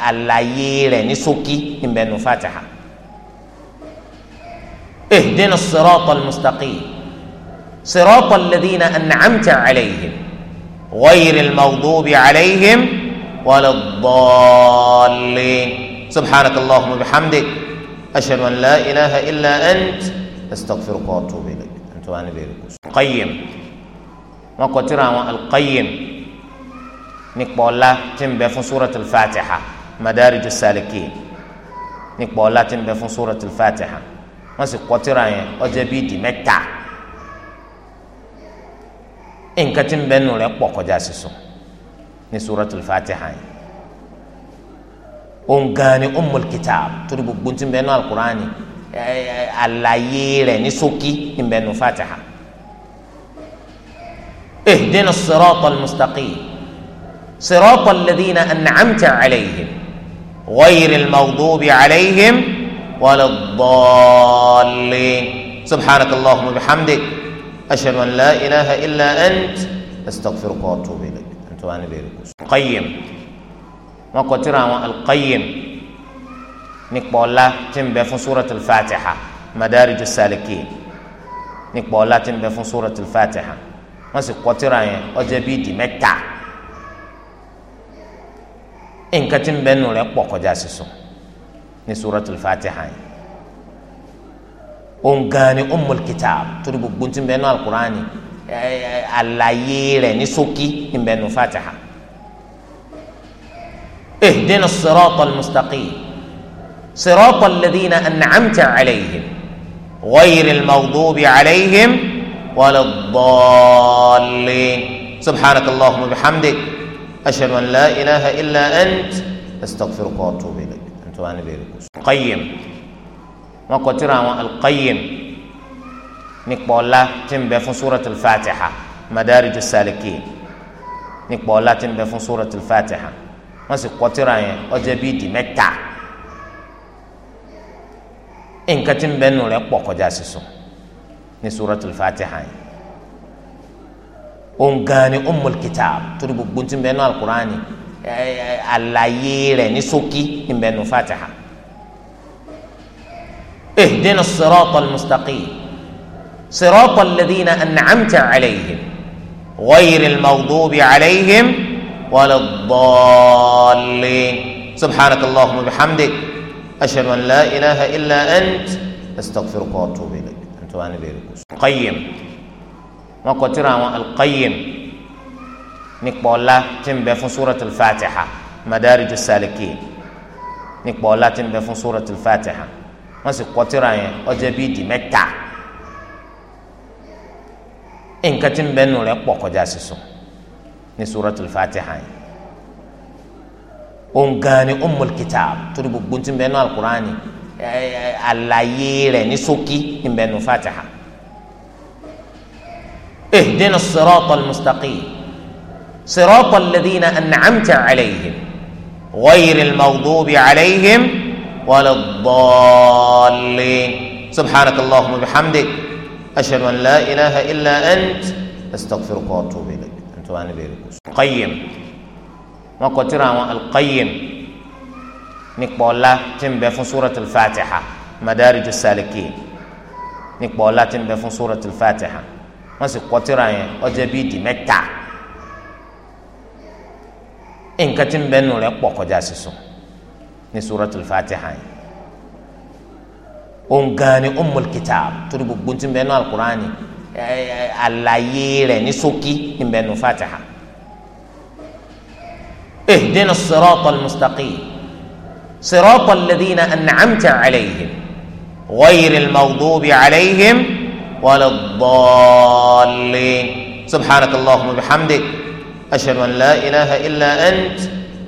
àlàyé rẹ̀ ní ṣókí ń bẹ nù fatiha ihdina siratal mustaqim. صراط الذين أنعمت عليهم غير المغضوب عليهم ولا الضالين سبحانك اللهم وبحمدك أشهد أن لا إله إلا أنت أستغفرك وأتوب إليك أنت وأنا بيرك قيم ما قتر القيم nípa الله tí في سورة الفاتحة مدارج السالكين madariju الله nípa في سورة الفاتحة ما fún suratul fatiha متى nǹkan tí ń nù rẹ̀ pọ̀ kọjá sísun ní suratul fatiha yìí òun gan ni ummul kitab torí gbogbo tí ń bẹ nù alukurani àlàyé rẹ̀ ní ṣókí ń bẹ nù fatiha ihdina siratal mustaqim siratal ladina an'amta alayhim ghayril maghdubi alayhim wala ddallin subhanakallahumma bihamdik. ashhadu an la ilaha illa ant astaghfiruka wa atubu ilayk ẹni tó wà níbi èrè kùsùn. Qayyim wọn kọ tírà àwọn Al-Qayyim nípa ọlá tí ń bẹ fún suratul Fatiha Madarijus Salikin nípa ọlá tí ń bẹ fún suratul Fatiha wọn sì kọ tírà yẹn ó jẹ́ bíi ìdí mẹ́ta nǹkan tí ń bẹ nù rẹ̀ pọ̀ kọjá sísun ní suratul Fatiha yẹn. ongani umul kitab turi gbogbo tí ń bẹ nínú alukurani àlàyé rẹ̀ ní ṣókí ń bẹ nínú fatiha ihdina siratal mustaqim ladina an'amta alayhim ghayril maghdubi alayhim waladdallin subhanaka allahumma bihamdik ashhadu an la ilaha illa ant astaghfiruka wa atubu ilayk antu ani bẹ̀rẹ̀ kùsùn. qayyim. wọn kọ tírà àwọn alqayyim nípa ọlá tí ń bẹ fún suratul fatiha madariju salikin nípa ọlá tí ń bẹ fún suratul fatiha wọn sì kọ tírà yẹn ó jẹ́ bíi di mẹ́ta nǹkan tí ń bẹ nù rẹ̀ pọ̀ kọjá sísun ní suratul fatiha yẹn ongaani ummul kitab torí gbogbo tí ń bẹ nù alukurani àlàyé rẹ̀ ní ṣókí ń bẹ nù fatiha. اهدنا الصراط المستقيم صراط الذين أنعمت عليهم غير المغضوب عليهم ولا الضالين سبحانك اللهم وبحمدك أشهد أن لا إله إلا أنت أستغفرك وأتوب إليك أنت وأنا بيرك القيم ما قتر القيم nípa الله تنبه في سوره الفاتحه مدارج السالكين madarij الله تنبه في سوره الفاتحه wọ́n sì kọ tírà yẹn ó jẹ́ bí ìdí mẹ́ta nǹkan tí ń bẹ nù rẹ̀ pọ̀ kọjá sísun ní suratul fatiha yẹn òun gan ni ummul kitab torí gbogbo tí ń bẹ nù alukurani àlàyé rẹ̀ ní ṣókí ń bẹ nù fatiha ihdina siratal mustaqim siratal ladina an'amta alayhim ghayril maghdubi alayhim. ولا الضالين سبحانك اللهم وبحمدك أشهد أن لا إله إلا أنت أستغفرك وأتوب إليك أنت وأنا بيركوس قيم ما وقتر القيم نقبل الله تنبه في سورة الفاتحة مدارج السالكين نقبل الله تنبه في سورة الفاتحة ما سقطر أجبي دي متى nǹkan tí ń bẹ́ẹ̀ nù ní suratul fatiha yi yìí gan ni ummul kitab torí gbogbo tí ń bẹ nínú alukurani àlàyé rɛ ní ṣókí ń bẹ nu fatiha eh ihdina siratal mustaqim siratal ladina an'amta alayhim ghayril maghdubi alayhim waladdallin subhanakallahumma bihamdik ashhadu an la ilaha illa ant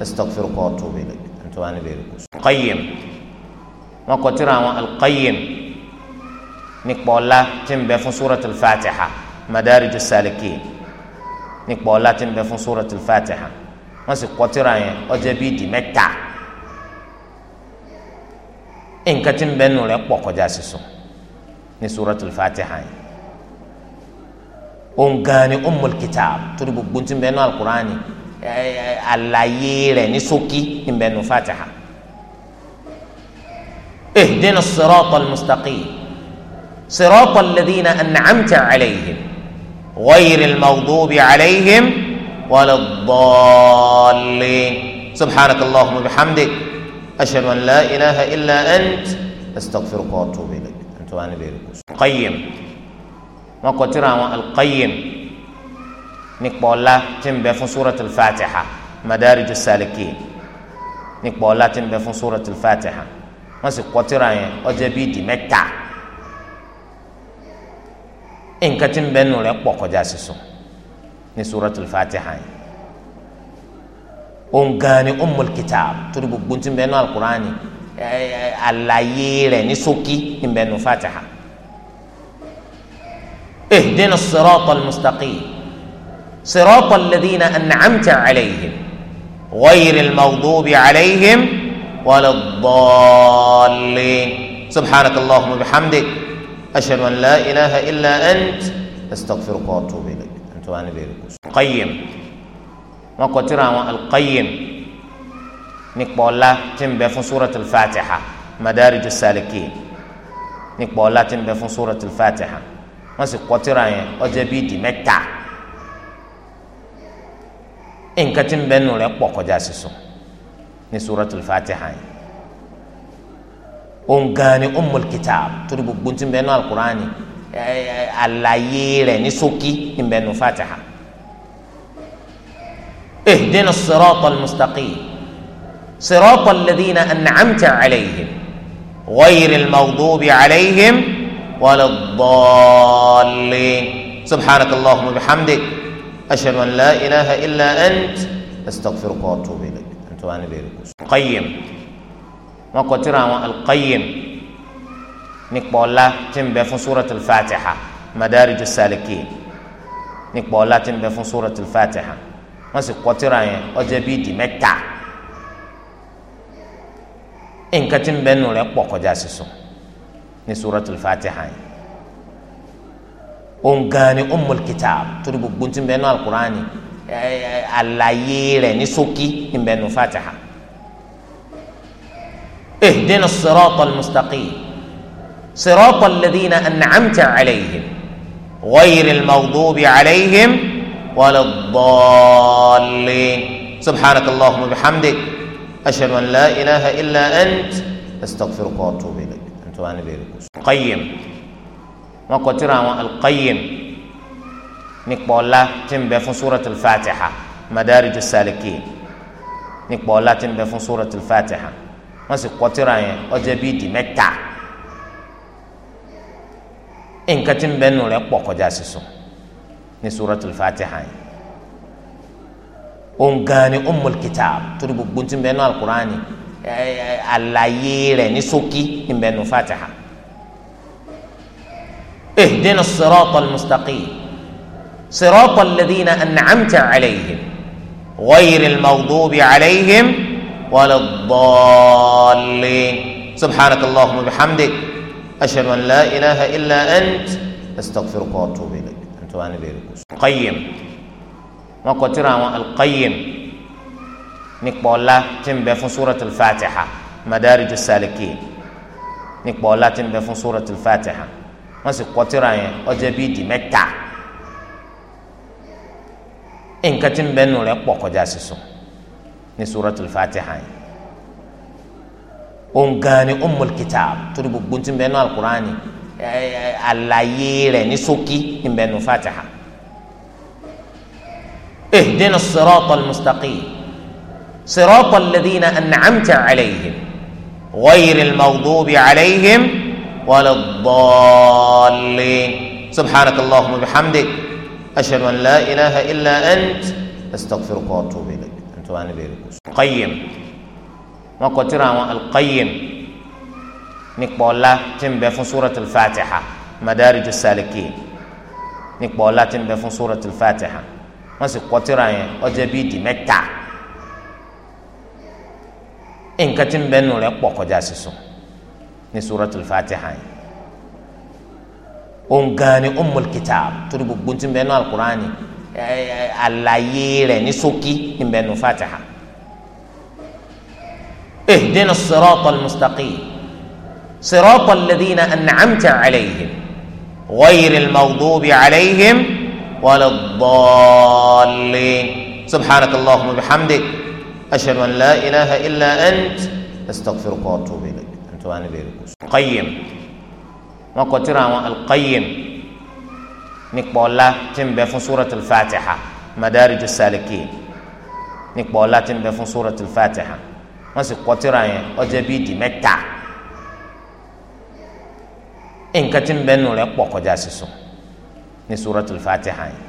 astaghfiruka wa atubu ilayk. tó wà níbẹ̀ rẹ̀ kò sùn. Qayyim wọn kọ tírà àwọn Al-Qayyim nípa ọlá tí ń bẹ fún Suratul Fatiha Madarijus Salikin nípa ọlá tí ń bẹ fún Suratul Fatiha wọn sì kọ tírà yẹn ó jẹ́ bí ìdí nǹkan tí ń bẹ nù rẹ̀ pọ̀ kọjá sísun ní Suratul Fatiha yẹn òun gan ni Ummul Kitab gbogbo tí ń bẹ nù al àlàyé rẹ̀ ní ṣókí ìbẹ̀nu fatiha ihdina sirata al-mustaqim sirata alladhina an'amta alayhim ghayri al-maghdubi alayhim wala ad-dallin subhanaka allahumma bihamdik ashhadu an la ilaha illa ant astaghfiruka wa atubu ilayk antu wa ana bi qayyim wọn kọ tírà àwọn al-qayyim. nípa ọlá tí ń bẹ fún suratul fatiha madariju salikin nípa ọlá tí ń bẹ fún suratul fatiha wọ́n sì kọ tírà yẹn ó jẹ́ bíi ìdí mẹ́ta nǹkan tí ń bẹ nù rẹ̀ pọ̀ kọjá sísun ní suratul fatiha yẹn ongaani ummul torí gbogbo tí ń bẹ nù alukurani àlàyé rẹ̀ ní ṣókí ń bẹ nù fatiha ihdina siratal mustaqim. صراط الذين أنعمت عليهم غير المغضوب عليهم ولا الضالين سبحانك اللهم وبحمدك أشهد أن لا إله إلا أنت أستغفرك وأتوب إليك أنت وأنا بيرك قيم وقتر القيم nípa ọlá tí ń bẹ fún suratul fatiha madariju salikin nípa ọlá tí ń bẹ fún suratul fatiha wọ́n sì kọ متى nǹkan tí ń bẹ nù rẹ̀ pọ̀ kọjá sísun ní suratul fatiha yìí òun gan ni ummul kitab torí gbogbo tí ń bẹ nù alukurani àlàyé rẹ̀ ní ṣókí ń bẹ nù fatiha ihdina siratal mustaqim siratal ladina an'amta alayhim ghayril maghdubi alayhim wala ddallin subhanakallahumma wa bihamdik. ashhadu an la ilaha illa ant astaghfiruka wa atubu ilayk ẹni tó wà níbi èrè kùsùn. Qayyim wọn kọ tírà àwọn Al-Qayyim nípa ọlá tí ń bẹ fún suratul Fatiha Madarijus Salikin nípa ọlá tí ń bẹ fún suratul Fatiha wọn sì kọ tírà yẹn ó jẹ́ bíi ìdí mẹ́ta nǹkan tí ń bẹ nù rẹ̀ pọ̀ kọjá sísun ní suratul Fatiha yẹn. ònkan ni ummul kitab torí gbogbo tí ń bẹ nínú alukurani àlàyé rẹ̀ ní ṣókí ń bẹ nínú fatiha ihdina siratal mustaqim siratal ladina an'amta alayhim ghayril maghdubi alayhim waladdallin subhanakallahumma wa bihamdik ashhadu an la ilaha illa ant astaghfiruka wa atubu ilayk antu wa ana bi qayyim. wọn kọ tírà àwọn alqayyim nípa ọlá tí ń bẹ fún suratul fatiha madariju salikin nípa ọlá tí ń bẹ fún suratul fatiha wọn sì kọ tírà yẹn ó jẹ́ bíi di mẹ́ta nǹkan tí ń bẹ nù rẹ̀ pọ̀ kọjá sísun ní suratul fatiha yẹn òun gan ni ummul kitab torí gbogbo tí ń bẹ nù alukurani àlàyé rẹ̀ ní ṣókí ń bẹ nù fatiha. اهدنا الصراط المستقيم صراط الذين أنعمت عليهم غير المغضوب عليهم ولا الضالين سبحانك اللهم وبحمدك أشهد أن لا إله إلا أنت أستغفرك وأتوب إليك أنت وأنا بيركوس القيم ما القيم nípa القيم tí ń bẹ في سورة الفاتحة مدارج السالكين salikin nípa ọlá في سورة الفاتحة wọ́n sì kọ tírà yẹn ọjọ́ bíi ìdí mẹ́ta nǹkan tí ń bẹ nù rẹ̀ pọ̀ kọjá sísọ ní suratul fatiha yẹn ongaani ummul kitab torí gbogbo tí ń bẹ nù alukurani àlàyé rẹ̀ ní ṣókí ń bẹ nù fatiha ihdina siratal mustaqim siratal ladina an'amta alayhim ghayril maghdubi alayhim. ولا الضالين سبحانك اللهم وبحمدك أشهد أن لا إله إلا أنت أستغفرك وأتوب إليك أنت وأنا قيم ما وقتر القيم نقبل الله تنبه في سورة الفاتحة مدارج السالكين نقبل الله تنبه في سورة الفاتحة ما سقطر عن أجبيد متى إنك تنبه ń bẹ́ẹ̀ nù ní suratul fatiha yi òn gan ni ummul kitab torí gbogbo tí ń bẹ nú alukurani àlàyé rẹ̀ ní ṣókí ń bẹ nú fatiha ihdina siratal mustaqim siratal ladina an'amta alayhim ghayril maghdubi alayhim waladdallin subhanakallahumma bihamdik ashhadu an la ilaha illa ant astaghfiruka wa atubu ilayk. wá níbẹ̀ rẹ̀ kò sùn. Qayyim wọn kọ tírà àwọn Al-Qayyim nípa ọlá tí ń bẹ fún Suratul Fatiha Madarijus Salikin nípa ọlá tí ń bẹ fún Suratul Fatiha wọn sì kọ tírà yẹn ó bíi ìdí mẹ́ta nǹkan tí ń bẹ nù rẹ̀ pọ̀ kọjá sísun ní Suratul Fatiha yẹn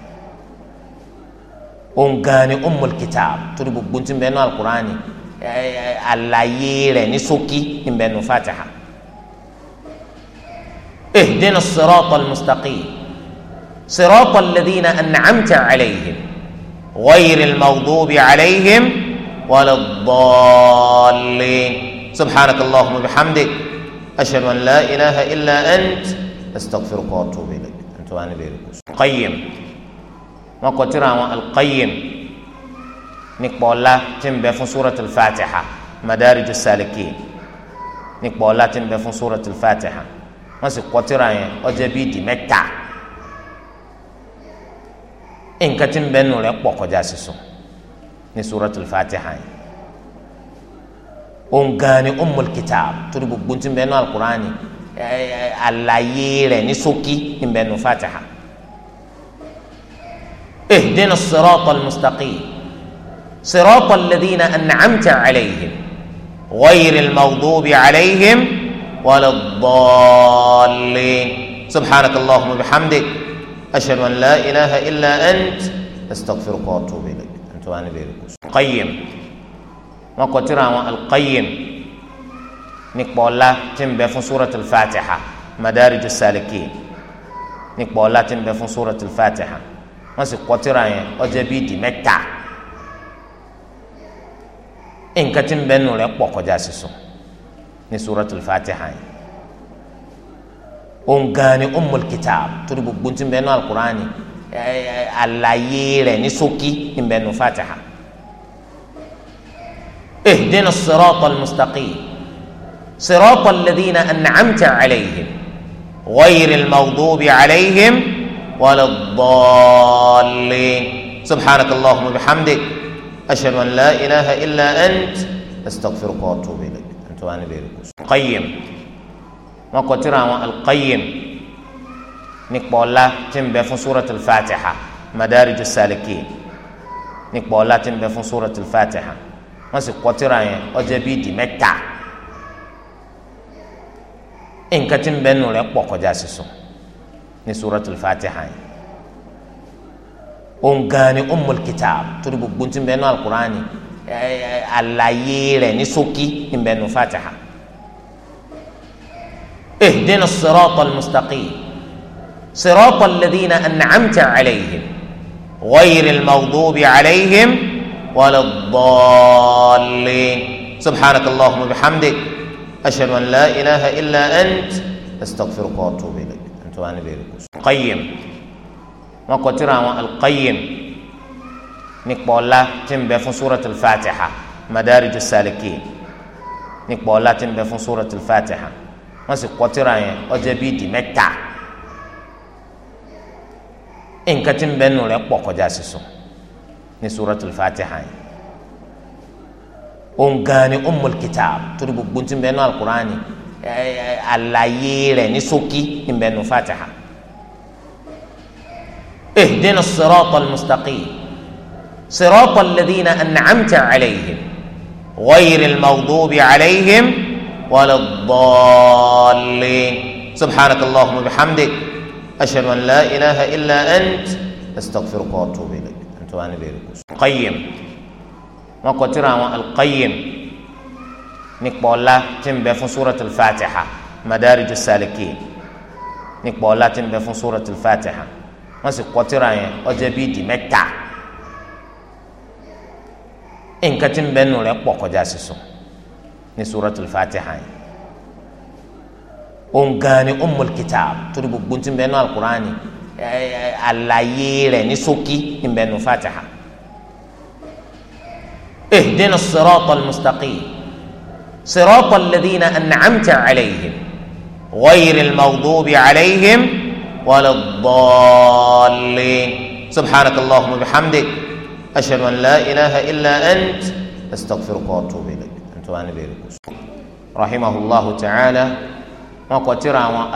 òun gan ni Ummul Kitab torí gbogbo tí nù al àlàyé rẹ̀ ní ṣókí ìbẹnu fatiha ihdina sirata almustaqim sirata alladhina an'amta alayhim ghayri almaghdubi alayhim wala ad-dallin subhanaka allahumma wa bihamdik ashhadu an la ilaha illa ant astaghfiruka wa atubu ilayk antu wa ana bi qayyim wọn kọ tírà àwọn alqayyim. nípa ọlá tí ń bẹ fún suratul fatiha madariju salikin nípa ọlá tí ń bẹ fún suratul fatiha wọ́n sì kọtìrà yẹn ọjọ́ bíi di mẹ́ta nǹkan tí ń bẹ nù rẹ̀ pọ̀ kọjá sísun ní suratul fatiha yẹn ongaani ummul kitab torí gbogbo tí ń bẹ nù alukurani àlàyé rẹ̀ ní ṣókí tí ń bẹ nù fatiha ihdina siratal mustaqim. صراط الذين أنعمت عليهم غير المغضوب عليهم ولا الضالين سبحانك اللهم وبحمدك أشهد أن لا إله إلا أنت أستغفرك وأتوب إليك أنت وأنا بيركوس القيم ما قتر القيم نقبل الله tí في سورة الفاتحة مدارج السالكين نقبل الله nípa في سورة الفاتحة ما fún suratul fatiha wọ́n nǹkan tí ń bẹ nù rẹ̀ pọ̀ kọjá sísọ ní suratul fatiha yìí ongaani ummul kitab torí gbogbo tí ń bẹ nù alukurani àlàyé rẹ̀ ní ṣókí ń bẹ nù fatiha eh ihdina siratal mustaqim siratal ladina an'amta alayhim ghayril maghdubi alayhim wala ddallin subhanakallahumma bihamdik. أشهد أن لا إله إلا أنت أستغفرك وأتوب إليك أنت وأنا بيركوس قيم ما قتر القيم نقبل الله تنبه في سورة الفاتحة مدارج السالكين نقبل الله تنبه في سورة الفاتحة ما سقطر أجبي دي متى إن كتنبه نورك بقى جاسسون ní suratul fatiha ongani ni kitab torí gbogbo tí ń bẹ alukurani àlàyé rɛ ní ṣókí ń bẹ nínú fatiha ihdina sɔrɔtɔ almustaqim sirata alladhina an'amta alayhim ghayri almaghdubi alayhim wala ddallin subhanaka allahumma bihamdik ashadu an la ilaha illa ant astaghfiruka wa atubu ilayk antu ani bẹ̀rẹ̀ kùsùn. qayyim. wọn kọ tírà àwọn alqayyim nípa ọlá tí ń bẹ fún suratul fatiha madariju salikin nípa ọlá tí ń bẹ fún suratul fatiha wọn sì kọ tírà yẹn ó jẹ́ bíi di mẹ́ta nǹkan tí ń bẹ nù rẹ̀ pọ̀ kọjá sísun ní suratul fatiha yẹn òun gan ni ummul gbogbo tí ń bẹ nù alukurani àlàyé rẹ̀ ní ṣókí ń bẹ nù fatiha. اهدنا الصراط المستقيم صراط الذين أنعمت عليهم غير المغضوب عليهم ولا الضالين سبحانك اللهم وبحمدك أشهد أن لا إله إلا أنت أستغفرك وأتوب إليك أنت وأنا بيرك قيم وقتر القيم nípa ọlá tí ń bẹ fún suratul fatiha madariju salikin nípa ọlá tí ń bẹ fún wọ́n sì kọ tírà yẹn ó jẹ́ bí ìdí mẹ́ta nǹkan tí ń bẹ nù rẹ̀ pọ̀ kọjá sísọ ní suratul fatiha yẹn ongaani ummul kitab torí gbogbo tí ń bẹ nù alukurani àlàyé rẹ̀ ní ṣókí ń bẹ nù fatiha ihdina siratal mustaqim siratal ladina an'amta alayhim ghayril maghdubi alayhim. ولا الضالين سبحانك اللهم وبحمدك أشهد أن لا إله إلا أنت أستغفرك وأتوب إليك أنت وأنا بيرك رحمه الله تعالى وقتر